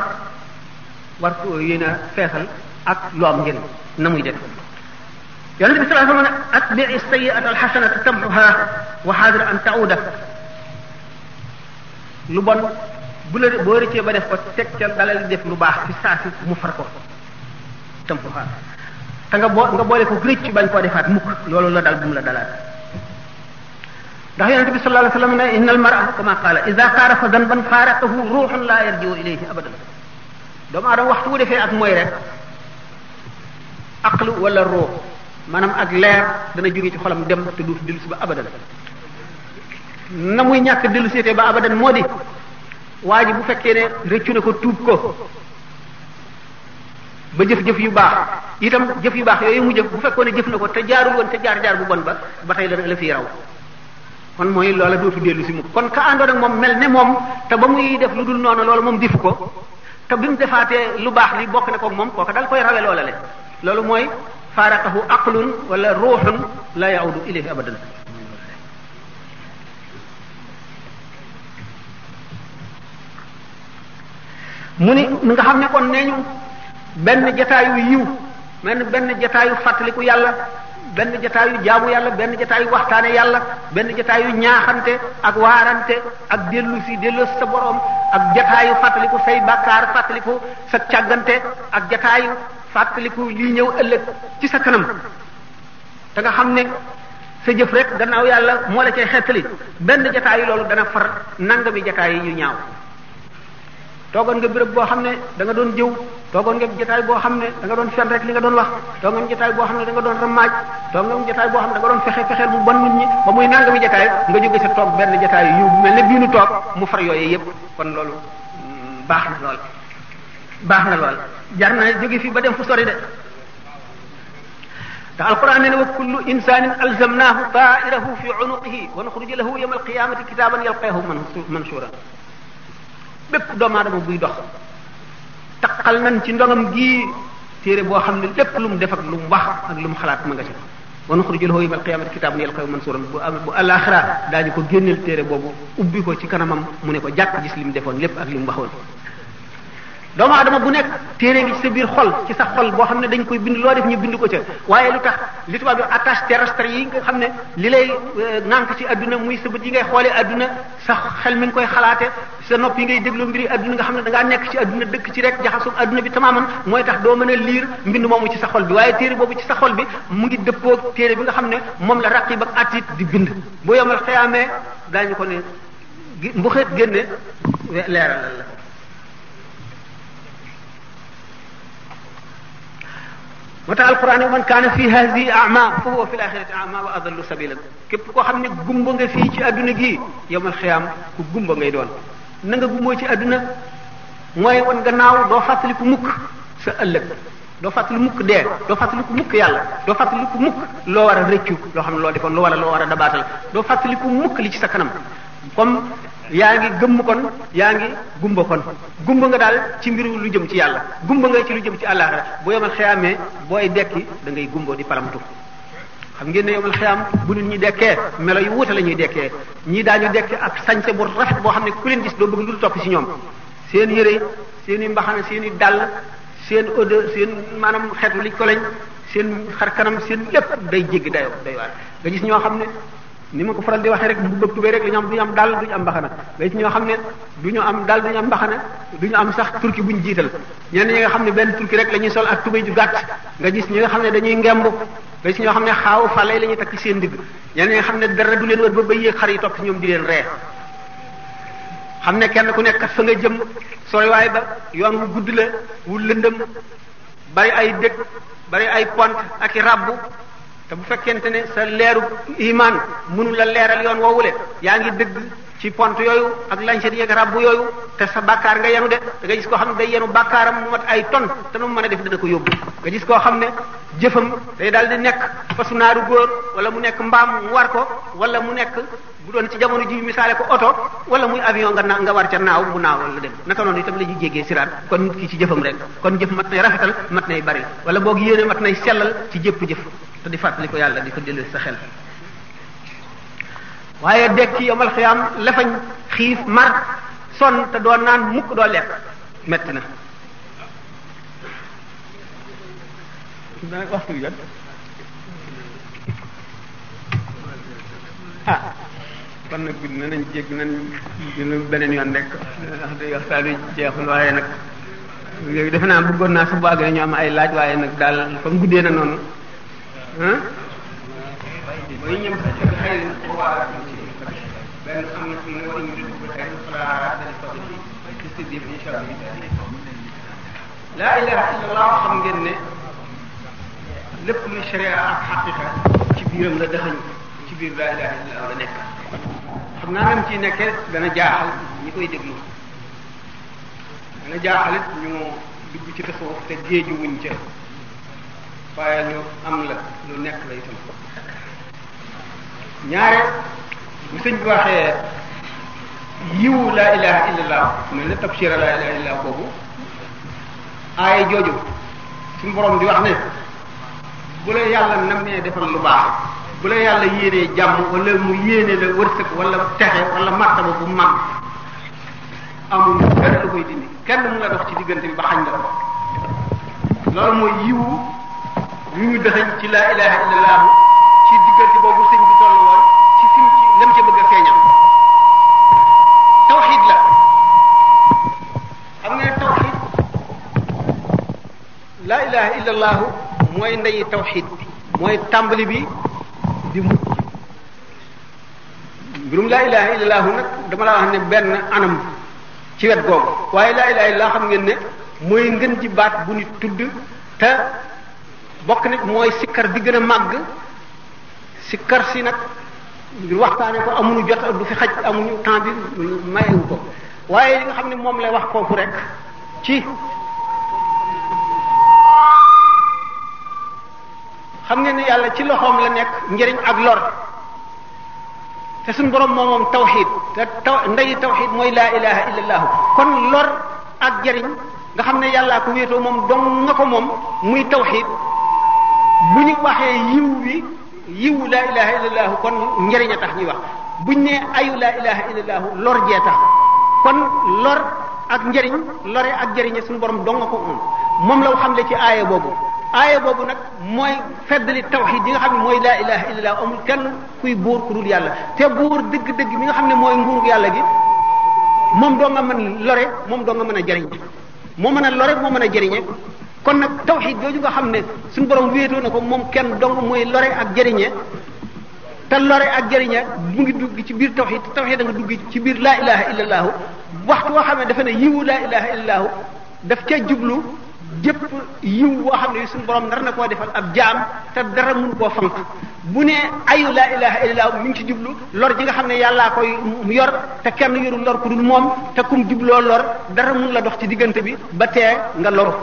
war ko yéene feesal ak lu am njëriñ na muy def yonente bi sallallahu alayhi wa sallam atbi'i sayyi'ata alxasanata tamhuha wa xaadir an la boo rëccee ba def ko teg ca dalal def lu baax ci mu far ko tamhuha te nga boo nga boole ko rëcc bañ koo defaat mukk loolu la dal bu mu la dalaat ndax yonent bi sallallahu alayhi wasallam ne innal mar'a kama qala idha qaarafa dhanban faaraqahu ruuhun la yarji'u ilayhi abadan doomu aadama waxtu wu defee ak mooy rek aqlu wala maanaam ak leer dana jóge ci xolam dem te duuf dellusi ba abadan na muy ñàkk dellusité ba abadan moo di waa ji bu fekkee ne rëccu na ko tuub ko ba jëf-jëf yu baax itam jëf yu baax yooyu mu jëf bu fekkoon ne jëf na ko te jaarul woon te jaar-jaar bu bon ba ba tey dana la fi raw kon mooy loola dootu dellu si mu kon ka àndoon moom mel ne moom te ba muy def lu dul noonu loolu moom difu ko te bi mu defaatee lu baax li bokk ne ko moom kooka dal koy rawe loola le loolu mooy faaraqahu aqlun wala ruuxun la yaudu ilayhi abadan mu ni nga xam ne kon nee ñu benn jataayu yiw mel benn jataayu fàttaliku yàlla benn jataayu jaamu yàlla benn jataayu waxtaane yàlla benn jataayu ñaaxante ak waarante ak dellu si dellu sa borom ak jataayu fàttaliku say bàkkaar fàttaliku sa càggante ak jataayu fàttaliku li ñëw ëllëg ci sa kanam te nga xam ne sa jëf rek gannaaw yàlla moo la cay xettali benn jataayu loolu dana far nangami jataay yu ñaaw toogoon nga béréb boo xam ne danga nga doon jëw toogoon nga jotaay boo xam ne da nga doon fen rek li nga doon lax toogoon nga jotaay boo xam ne da doon rammaaj toogoon nga jotaay boo xam ne da nga doon fexe fexeel bu bon nit ñi ba muy nangami jotaay nga jóge sa ne bii nu toog mu far yooyee yépp kon loolu mm, baax na lool baax na lool jar na jóge fii ba dem fu sori de te alquran ne na wa kullu insanin alzamnahu ta'irahu fi unuqihi wa nuxruju lahu yawma alqiyamati kitaban yalqahu mansura lépp doomu aadama buy dox taqal nañ ci ndongam gii téere boo xam ne lépp lu mu def ak lu mu wax ak lu mu xalaat ma nga ci wa nuxrijulahu yawmal qiyaamati kitaaban yalqaahu mansuuran bu am bu alaaxira daañu ko génneel téere boobu ubbi ko ci kanamam mu ne ko jàkk gis li mu defoon lépp ak li mu waxoon doomu adama bu nekk téere ngi ci sa biir xol ci sa xol boo xam ne dañ koy bind loo def ñu bind ko ca waaye lu tax li tubaab bi attache terrestre yi nga xam ne li lay nànk euh, ci adduna muy sa bët yi ngay xoolee adduna sa xel mi koy xalaate sa nopp yi ngay déglu mbiri adduna nga xam ne da ngaa nekk ci adduna dëkk ci rek jaxasoo adduna bi tamaaman mooy tax doo mën a liir mbind moom ci sa xol bi waaye téere boobu ci sa xol bi mu ngi dëppoo téere bi nga xam ne moom la raqib ak atit di bind boo yomal xëyaamee daañu ko ne mbuxeet génne leeralal la moo tax alquran man kaana fi hadihi ama fa huwa fi laxirati ama wa adallu sabila képp koo xam ne gumba nga fii ci adduna gii yowmal xiyaam ku gumba ngay doon na nga gumboo ci àdduna mooy wan gannaaw doo fàttali ku mukk sa ëllëg doo fàttali mukk dee doo fàttali ku mukk yàlla doo fàttali ku mukk loo war a rëccu loo xam ne loo defoon loo loo war a dabaatal doo fàttali mukk li ci sa kanam comme yaa ngi gëmm kon yaa ngi gumba kon gumba nga daal ci mbiru lu jëm ci yàlla gumba nga ci lu jëm ci àllaaxira bu yomal xiyaamee booy dekki da ngay gumbo di palamtu xam ngeen ne yomal xiyaam bu nit ñi dekkee melo yu wuute la ñuy dekkee ñii daañu dekke ak sañse bu rafet boo xam ne ku leen gis doo bëgg lu topp ci ñoom seen yëre seen i mbaxana seen i dàll seen odeur seen maanaam xeetu li ko lañ seen xar kanam seen lépp day jéggi dayoo day waar nga gis ñoo xam ne ni ma ko faral di waxee rek bu bëgg tubéy rek ñu am du ñu am dal du ñu am mbaxana ñoo xam ne du ñu am dal du ñu am am sax turki bu ñu jiital ñenn ñi nga xam ne benn turki rek la ñuy sol ak tubéy ju gàtt nga gis ñi nga xam ne dañuy ngemb day ñoo xam ne xaaw falay la ñuy takk seen digg ñenn ñi nga xam ne dara du leen wër ba bëyyee xar yi topp ci ñoom di leen ree xam ne kenn ku nekk fa nga jëm sooy waay ba yoon wu gudd la wu lëndëm bari ay dëkk bari ay pont ak ràbb te bu fekkente ne sa leeru iman mënu la leeral yoon woowule yaa ngi dëgg ci pont yooyu ak lañset yeeg rab yooyu te sa bàkkaar nga yenu de da nga gis koo xam ne day yenu bàkkaaram mu mat ay ton te nu mu mën a def dana ko yóbbu nga gis koo xam ne jëfam day daal di nekk fasu naaru góor wala mu nekk mbaam mu war ko wala mu nekk bu doon ci jamono ji misaale ko oto wala muy avion nga na nga war ca naaw mu naaw wala dem naka noonu itam la ñuy jéggee siraat kon nit ki ci jëfam rek kon jëf mat nay rafetal mat nay bari wala boog yéene mat nay sellal ci jëpp jëf te di fàttali ko yàlla di ko dellu sa waaye dekki yomal xiyaam lefañ xiif mar son te doo naan mukk doo lekk metti na waxtu bi ah kon nag gudd na nañ jégg nañ beneen yoon rek ndax day jeexul waaye nag yooyu defe naa bëggoon naa su bu àgg am ay laaj waaye nag daal comme guddee na noonu mooy ñoom xëcc xëy na xëy na benn am na fi mu war a ñu dugg xëy na xalaat dañu ko def ci biir incha allah. laa ilaha illallah xam ngeen ne lépp lu sharia ak xaqiqa ci biiram la daxañ ci biir laa ilaha illallah la nekk xam naa nam ciy nekkee dana jaaxal ñi koy déglu dana jaaxalit ñu dugg ci tasawuf te géeju wuñ ca waaye lu am la lu nekk la itam ñaareel bu sëñ bi waxee yiwu laa ilaha illallah mel na tabshira laa ilaha illallah boobu aaya jooju suñu borom di wax ne bu la yàlla nam defal lu baax bu la yàlla yéenee jàmm wala mu yéene la wërsëg wala texe wala martaba bu mag amul kenn lu koy dindi kenn mu la dox ci diggante bi ba xañ la mooy yiwu yu ñu ci laa ilaha illallah laa ilaha illa allahu mooy ndeyi tawxid mooy tàmbali bi di mucc mbirum laa ilaha illa nag dama la wax ne benn anam ci wet googu waaye laa ilaha illa xam ngeen ne mooy ngën ji baat bu nit tudd te bokk nit mooy sikkar bi gën a màgg sikkar si nag ngir waxtaane ko amuñu jot du fi xaj amuñu temps bi mayewu waaye li nga xam ne moom lay wax foofu rek ci xam ngeen ne yàlla ci loxoom la nekk njariñ ak lor te suñ borom moom moom tawxid te taw ndeyi tawxid mooy laa ilaha illallahu kon lor ak jëriñ nga xam ne yàllaa ko wéetoo moom dong ko moom muy tawxid bu ñu waxee yiw wi yiw laa ilaha illallahu kon njëriñ a tax ñuy wax lor jee tax lore ak jëriñe suñu borom dong ko moom moom la xam le ci aaya boobu aaya boobu nag mooy feddali tawxid yi nga xam ne mooy laa ilaha illallah amul kenn kuy buur ku dul yàlla te buur dëgg-dëgg mi nga xam ne mooy nguurug yàlla gi moom doo nga mën lore moom doo nga mën a jëriñ moo mën a lore moo mën a jëriñe kon nag tawxid jooju nga xam ne suñu borom wéetoo na ko moom kenn dong mooy lore ak jëriñe te lore ak jëriñe mu ngi dugg ci biir tawxid tawxid da nga dugg ci biir laa ilaha illallahu waxtu woo xam ne dafa ne yiwu laa ilaha daf ca jublu jëpp yiw woo xam ne suñu boroom nar na koo defal ab jaam te dara mënu koo fank bu ne ayu laa ilaha illallah mu ngi ci jublu lor ji nga xam ne yàllaa koy yor te kenn yorul lor ku dul moom te kum jubloo lor dara mun la dox ci diggante bi ba tee nga loru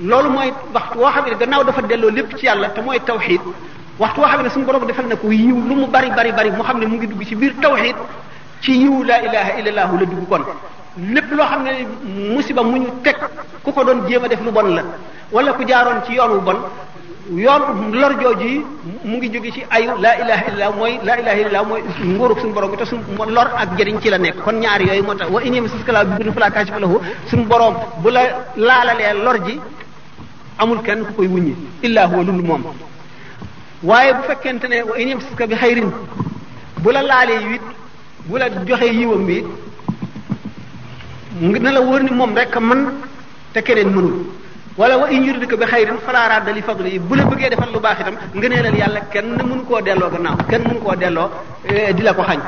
loolu mooy waxtu woo xam ne gannaaw dafa delloo lépp ci yàlla te mooy tawxid waxtu woo xam ne suñu borom defal ne ko yiw lu mu bari bari bari mu xam ne mu ngi dugg ci biir tawxid ci yiw laa ilaha illallah la dugg kon lépp loo xam ne musiba mu ñu teg ku ko doon jéem def lu bon la wala ku jaaroon ci yoon wu bon yoon lor jooju mu ngi jóge ci ayu la ilaha illallah mooy laa ilaha illallah mooy nguurug suñu borom bi te suñu lor ak jëriñ ci la nekk kon ñaar yooyu moo tax wa inim siskala bi binu suñu borom bu la laalalee ji amul kenn ku koy wuññi illaa huwa lul bu fekkente ne wa inim bi xayrin bu la laalee it bu la joxee yiwam bi na la wóor ni moom rek man te keneen mënul wala wa in ba bi xayrin falaa radda li fadli bu la bëggee defal lu baax itam ngëneelal yàlla kenn mënu koo delloo gannaaw kenn mënu koo delloo eh, di la ko xañ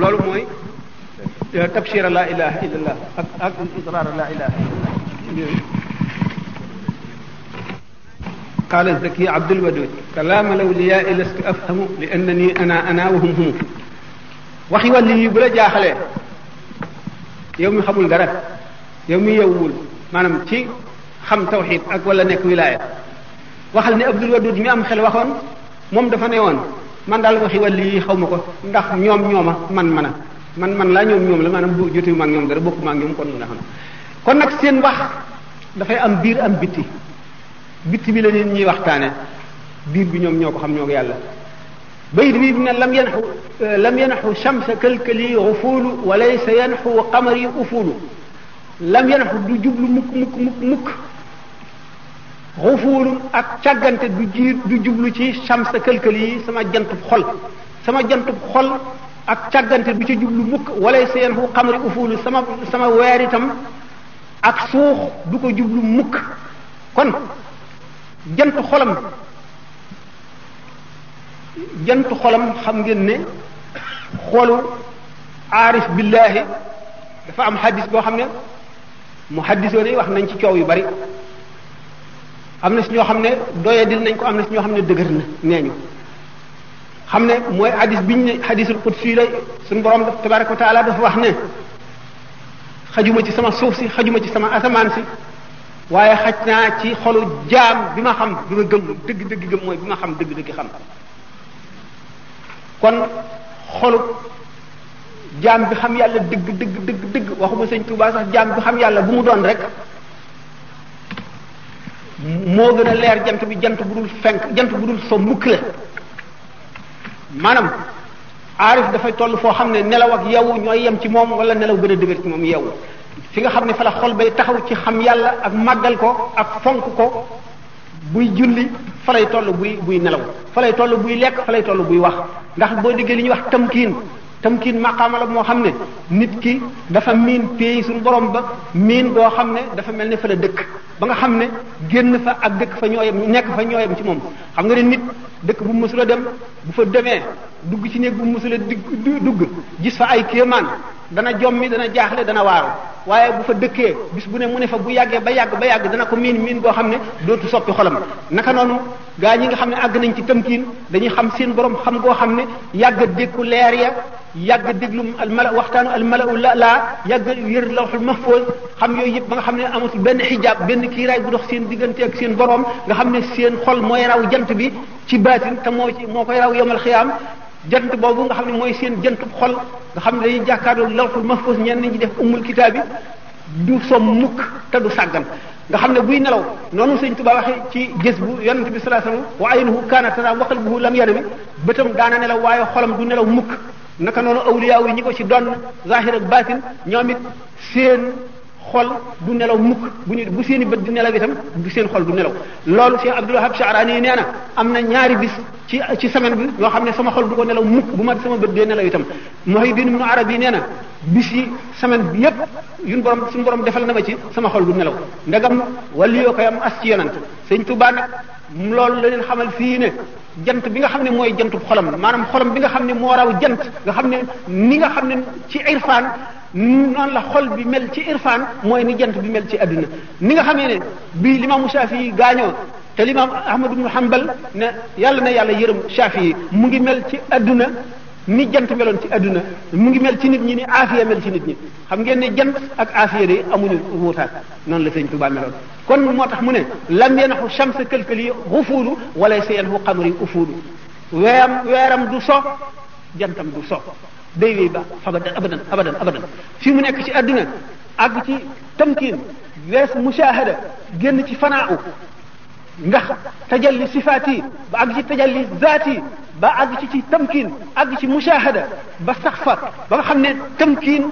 loolu mooy eh, tabshira la ilaha illallah ak ak israara la ilaha illallah قال الزكي عبد الودود كلام الاولياء لست افهم لانني انا انا وهم هم bu la jaaxalee yow mi xamul dara yow mi yewwul maanaam ci xam tawxid ak wala nekk wilaaya waxal ne Abdul Wadud mi am xel waxoon moom dafa ne woon man daal waxi wàll yi xaw ma ko ndax ñoom ñooma man man man man laa ñoom ñoom la maanaam bu jotu ma ak ñoom dara bokku ma ak ñoom kon nga kon nag seen wax dafay am biir am bitti bitti bi la nit ñuy waxtaane biir bi ñoom ñoo ko xam ñoo yàlla bayit bii mu ne lam yanxu lam yanxu chamsa kalkali xufuulu walaysa yanxu qamari ufuulu lam yanxu du jublu mukk mukk mukk mukk ak càggante du jublu ci chamsa kalkali yi sama jantub xol sama jantub xol ak càggante du ci jublu mukk walaysa yanxu qamari ufuulu sama sama weer ak suux du ko jublu mukk kon jant xolam jant xolam xam ngeen ne xolu aarif billaahi dafa am xaddis boo xam ne mu xaddisoon ne wax nañ ci coow yu bari am na si ñoo xam ne doyadil nañ ko am ne su ñoo xam ne dëgër na nee ñu xam ne mooy xaddis ñu ne xaddisul qudsi la suñu borom tabaraka wa taala dafa wax ne xajuma ci sama suuf si xajuma ci sama asamaan si waaye xaj naa ci xolu jaam bi ma xam bi ma gëm dëgg dëgg gëm mooy bi ma xam dëgg dëgg xam kon xolub jaam bi xam yàlla dëgg dëgg dëgg dëgg waxuma sëñ Tuubaa sax jaam bi xam yàlla bu mu doon rek moo gën a leer jant bi jant bu dul fenk jant bu dul so mukk la maanaam aarif dafay toll foo xam ne nelaw ak yow ñooy yem ci moom wala nelaw gën a dëgër ci moom yow fi nga xam ne fa la xol bay taxaw ci xam yàlla ak màggal ko ak fonk ko buy julli fa lay toll buy buy nelaw fa lay buy lekk fa lay buy wax ndax boo déggee li ñuy wax tamkiin tamkiin maqaama la moo xam ne nit ki dafa miin pays suñu borom ba miin boo xam ne dafa mel ne fa la dëkk ba nga xam ne génn fa ak dëkk fa ñooyam nekk fa ñooyam ci moom xam nga ne nit dëkk bu mësula dem bu fa demee dugg ci néeg bu mësula dugg gis fa ay kéemaan dana jommi dana jaaxle dana waaru waaye bu fa dëkkee bis bu ne mu ne fa bu yàggee ba yàgg ba yàgg dana ko miin miin boo xam ne dootu soppi xolam naka noonu gaa ñi nga xam ne àgg nañ ci tamkiin dañuy xam seen borom xam goo xam ne yàgg dékku leer ya yàgg déglu almala waxtaanu almala u la laa yàgg yër lawxul mahfuz xam yooyu yëpp ba nga xam ne amatul benn xijaab benn kiiraay bu dox seen diggante ak seen borom nga xam ne seen xol mooy raw jant bi ci baatin te moo ci moo koy raw yomal xiyaam jant boobu nga xam ne mooy seen jantub xol nga xam ne dañuy jàkkaarloo lawxul mahfuz ñenn ñi def ummul kitaab yi du som mukk te du sàggan nga xam ne buy nelaw noonu sëñ Tuba waxe ci gis bu yonente bi sallallahu wa sallam wa aynuhu kaana tanaam wa qalbuhu lam yarmi bëtam daana nelaw waaye xolam du nelaw mukk naka noonu awliya yi ñi ko ci doon zahir ak batin ñoom it seen xol du nelaw mukk bu ñu bu seen bët di nelaw tam du seen xol du nelaw loolu Cheikh Abdul Wahab Sha'rani nee na am na ñaari bis ci ci semaine bi yoo xam ne sama xol du ko nelaw mukk bu ma sama bët dee nelaw itam Muhaydin ibn Arabi nee na bis yi semaine bi yépp yuñ borom suñu borom defal na ma ci sama xol du nelaw ndagam wala yoo koy am as ci yonant sëñ Tuubaa nag loolu la leen xamal fii ne jant bi nga xam ne mooy jantub xolam maanaam xolom bi nga xam ne moo raw jant nga xam ne ni nga xam ne ci irfaan noonu la xol bi mel ci irfan mooy ni jant bi mel ci adduna ni nga xamee ne bii limaamu Shaafi yi gaañoo te limaam Ahmad ibnu Hanbal ne yàlla na yàlla yërëm Shaafi mu ngi mel ci adduna ni jant meloon ci adduna mu ngi mel ci nit ñi ni aafiya mel ci nit ñi xam ngeen ne jant ak aafiya de amuñu wuutaat noonu la sëñ Tuubaa meloon kon moo tax mu ne lam yanaxu shamsa këlkël yi xufuulu wala sa yanxu xamari ufuulu weeram weeram du so jantam du so day wéy ba fabadan abadan abadan abadan fii mu nekk ci adduna àgg ci tamkin wees mushahada génn ci fanaaw ndax tajalli sifaat yi ba àgg ci tajalli zaat yi ba àgg ci ci tamkin àgg ci mushahada ba sax fa ba nga xam ne tamkin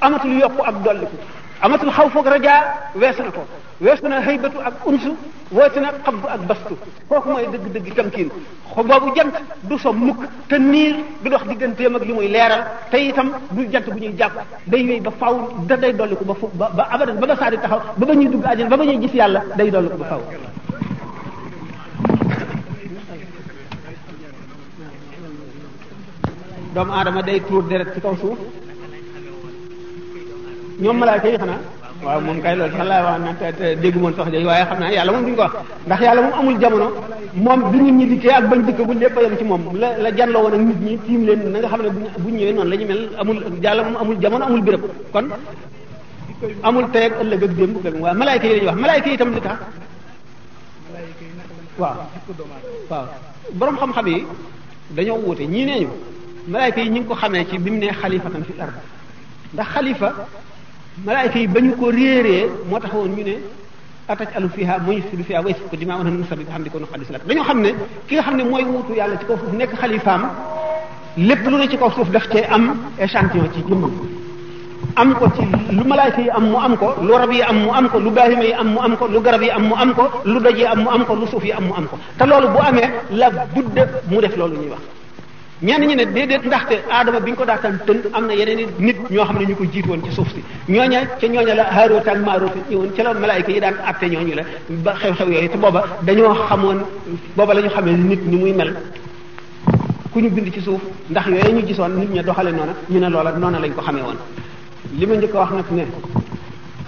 amatul yokku ak dolliku amatul xaw foog rajaa wees na ko weesu na xëybatu ak unsu woote na xabdu ak bastu kooku mooy dëgg-dëgg tamkiin boobu jant du so mukk te niir du dox digganteem ak li muy leeral te itam du jant bu ñuy jàpp day wéy ba faw da day dolli ko ba fu ba abadan ba ba saa taxaw ba ba ñuy dugg àjjana ba ba ñuy gis yàlla day dolli ko ba faw doomu aadama day tuur deret ci kaw suuf ñoom malaaka yi xanaa waaw moom kay loolu sax laa wax na te te déggu moon sox jooju waaye xam naa yàlla moom duñ ko wax ndax yàlla moom amul jamono moom bi nit ñi dikkee ak bañ dikkagul lépp a yem ci moom la la janloo woon ak nit ñi tiim leen na nga xam ne buñ ñëwee noonu la mel amul yàlla moom amul jamono amul béréb kon amul tey ak ëllëg ak démb ak waaw malaayka yi la wax malaayka yi itam li tax waaw waaw borom xam-xam yi dañoo wuute ñii nee ñu malaayka yi ñu ngi ko xamee ci bi mu ne xalifatan fi ard ndax xalifa malaayika yi ba ñu ko réeree moo tax taxawoon ñu ne ataj alu fiha mu yufsidu fiha wa yasfiku dimaa'ana nusab bi hamdika wa nuhyi ahya islam dañoo xam ne ki nga xam ne mooy wuutu yàlla ci kaw suuf nekk xalifaam lépp lu ne ci kaw suuf def cee am échantillon ci jëmmam am ko ci lu malaayika yi am mu am ko lu rab yi am mu am ko lu baahima yi am mu am ko lu garab yi am mu am ko lu doj yi am mu am ko lu suuf yi am mu am ko te loolu bu amee la budde mu def loolu ñuy wax ñenn ñi ne déedéet ndaxte aadama bi ñu ko daataan tënk am na yeneen nit ñoo xam ne ñu ko jiit woon ci suuf si ñooña ca ñooña la Haaruut ak Maaruut ñëwoon ca la malaayika yi daan atte ñooñu la ba xew-xew yooyu te booba dañoo xamoon booba la ñu xamee nit ni muy mel ku ñu bind ci suuf ndax yooyu ñu gisoon nit ña doxale noona ñu ne loola noona lañ ko xamee woon li ma njëkk a wax nag ne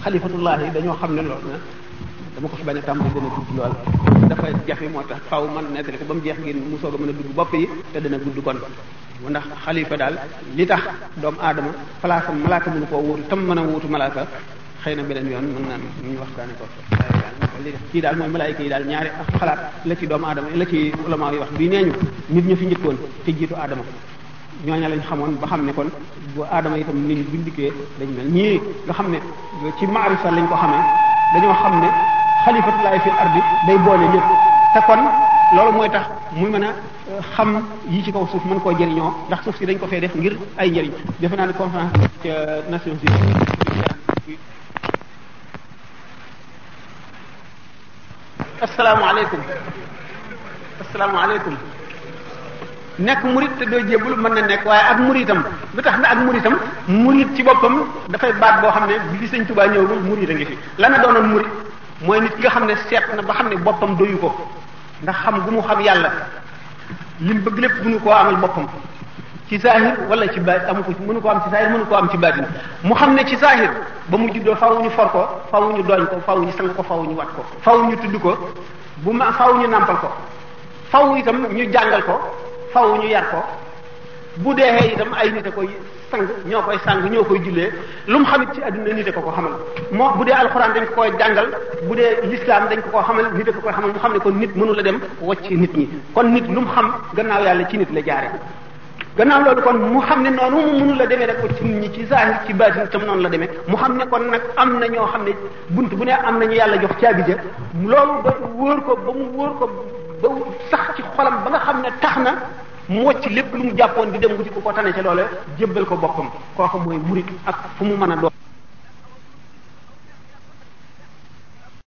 xalifatullahi dañoo xam ne loolu na dama ko fi bañ a tàmbali dana gudd lool dafa jafe moo tax faw man nettali ko ba mu jeex ngeen mu soog a mën a dugg bopp yi te dana gudd kon ndax xalifa daal li tax doom aadama place am malaaka mënu koo wuutu tam mën a wuutu malaaka xëy na beneen yoon mu naan ñu waxtaane ko kii daal mooy malaayika yi daal ñaari ak xalaat la ci doomu aadama la ci ulama wax bii nee ñu nit ñu fi njëkkoon te jiitu aadama ñooña lañ xamoon ba xam ne kon bu aadama itam nit ñu bindikkee dañ mel ñii nga xam ne ci maarifa lañ ko xamee dañoo xam ne xalifatullahi fil ardi day boole lépp te kon loolu mooy tax muy mën a euh, xam yi ci kaw suuf mën koo jëriñoo ndax suuf si dañ ko fee def ngir ay jariñ defe naa ne conférence ca Nations Unies asalaamaaleykum asalaamaaleykum nekk murit te doo jébul mën na nekk waaye ak muritam lu tax na ak muritam murit ci boppam dafay baat boo xam ne bi sañ Tuubaa ñëwagul murit a ngi fi la na doonoon murit mooy nit ki nga xam ne seet na ba xam ne boppam doyu ko ndax xam gu mu xam yàlla lim bëgg lépp mënu ko amal boppam ci saahir wala ci baat amu ko mënu ko am ci saahir mënu ko am ci baatin mu xam ne ci saahir ba mu juddoo faw ñu for ko faw ñu dooñ ko faw ñu sang ko faw ñu wat ko faw ñu tudd ko bu ma faw ñu nàmpal ko faw itam ñu jàngal ko faw ñu yar ko bu dee itam ay nit a koy sang ñoo koy sang ñoo koy jullee lu mu xamit ci àdduna nit a ko ko xamal moo bu dee alxuraan dañ ko koy jàngal bu dee lislaam dañ ko ko xamal nit a ko koy xamal mu xam ne kon nit mënu la dem wacc nit ñi kon nit lu mu xam gannaaw yàlla ci nit la jaare gannaaw loolu kon mu xam ne noonu mu la demee rek ko ci ñi ci zahir ci baatin tam noonu la demee mu xam ne kon nag am na ñoo xam ne bunt bu nee am na ñu yàlla jox caabi ja loolu ba wóor ko ba mu wóor ko ba sax ci xolam ba nga xam ne tax na mu wocc lépp lu mu jàppoon di dem wuti ku ko tane ca loole jébbal ko boppam kooku mooy murit ak fu mu mën a doon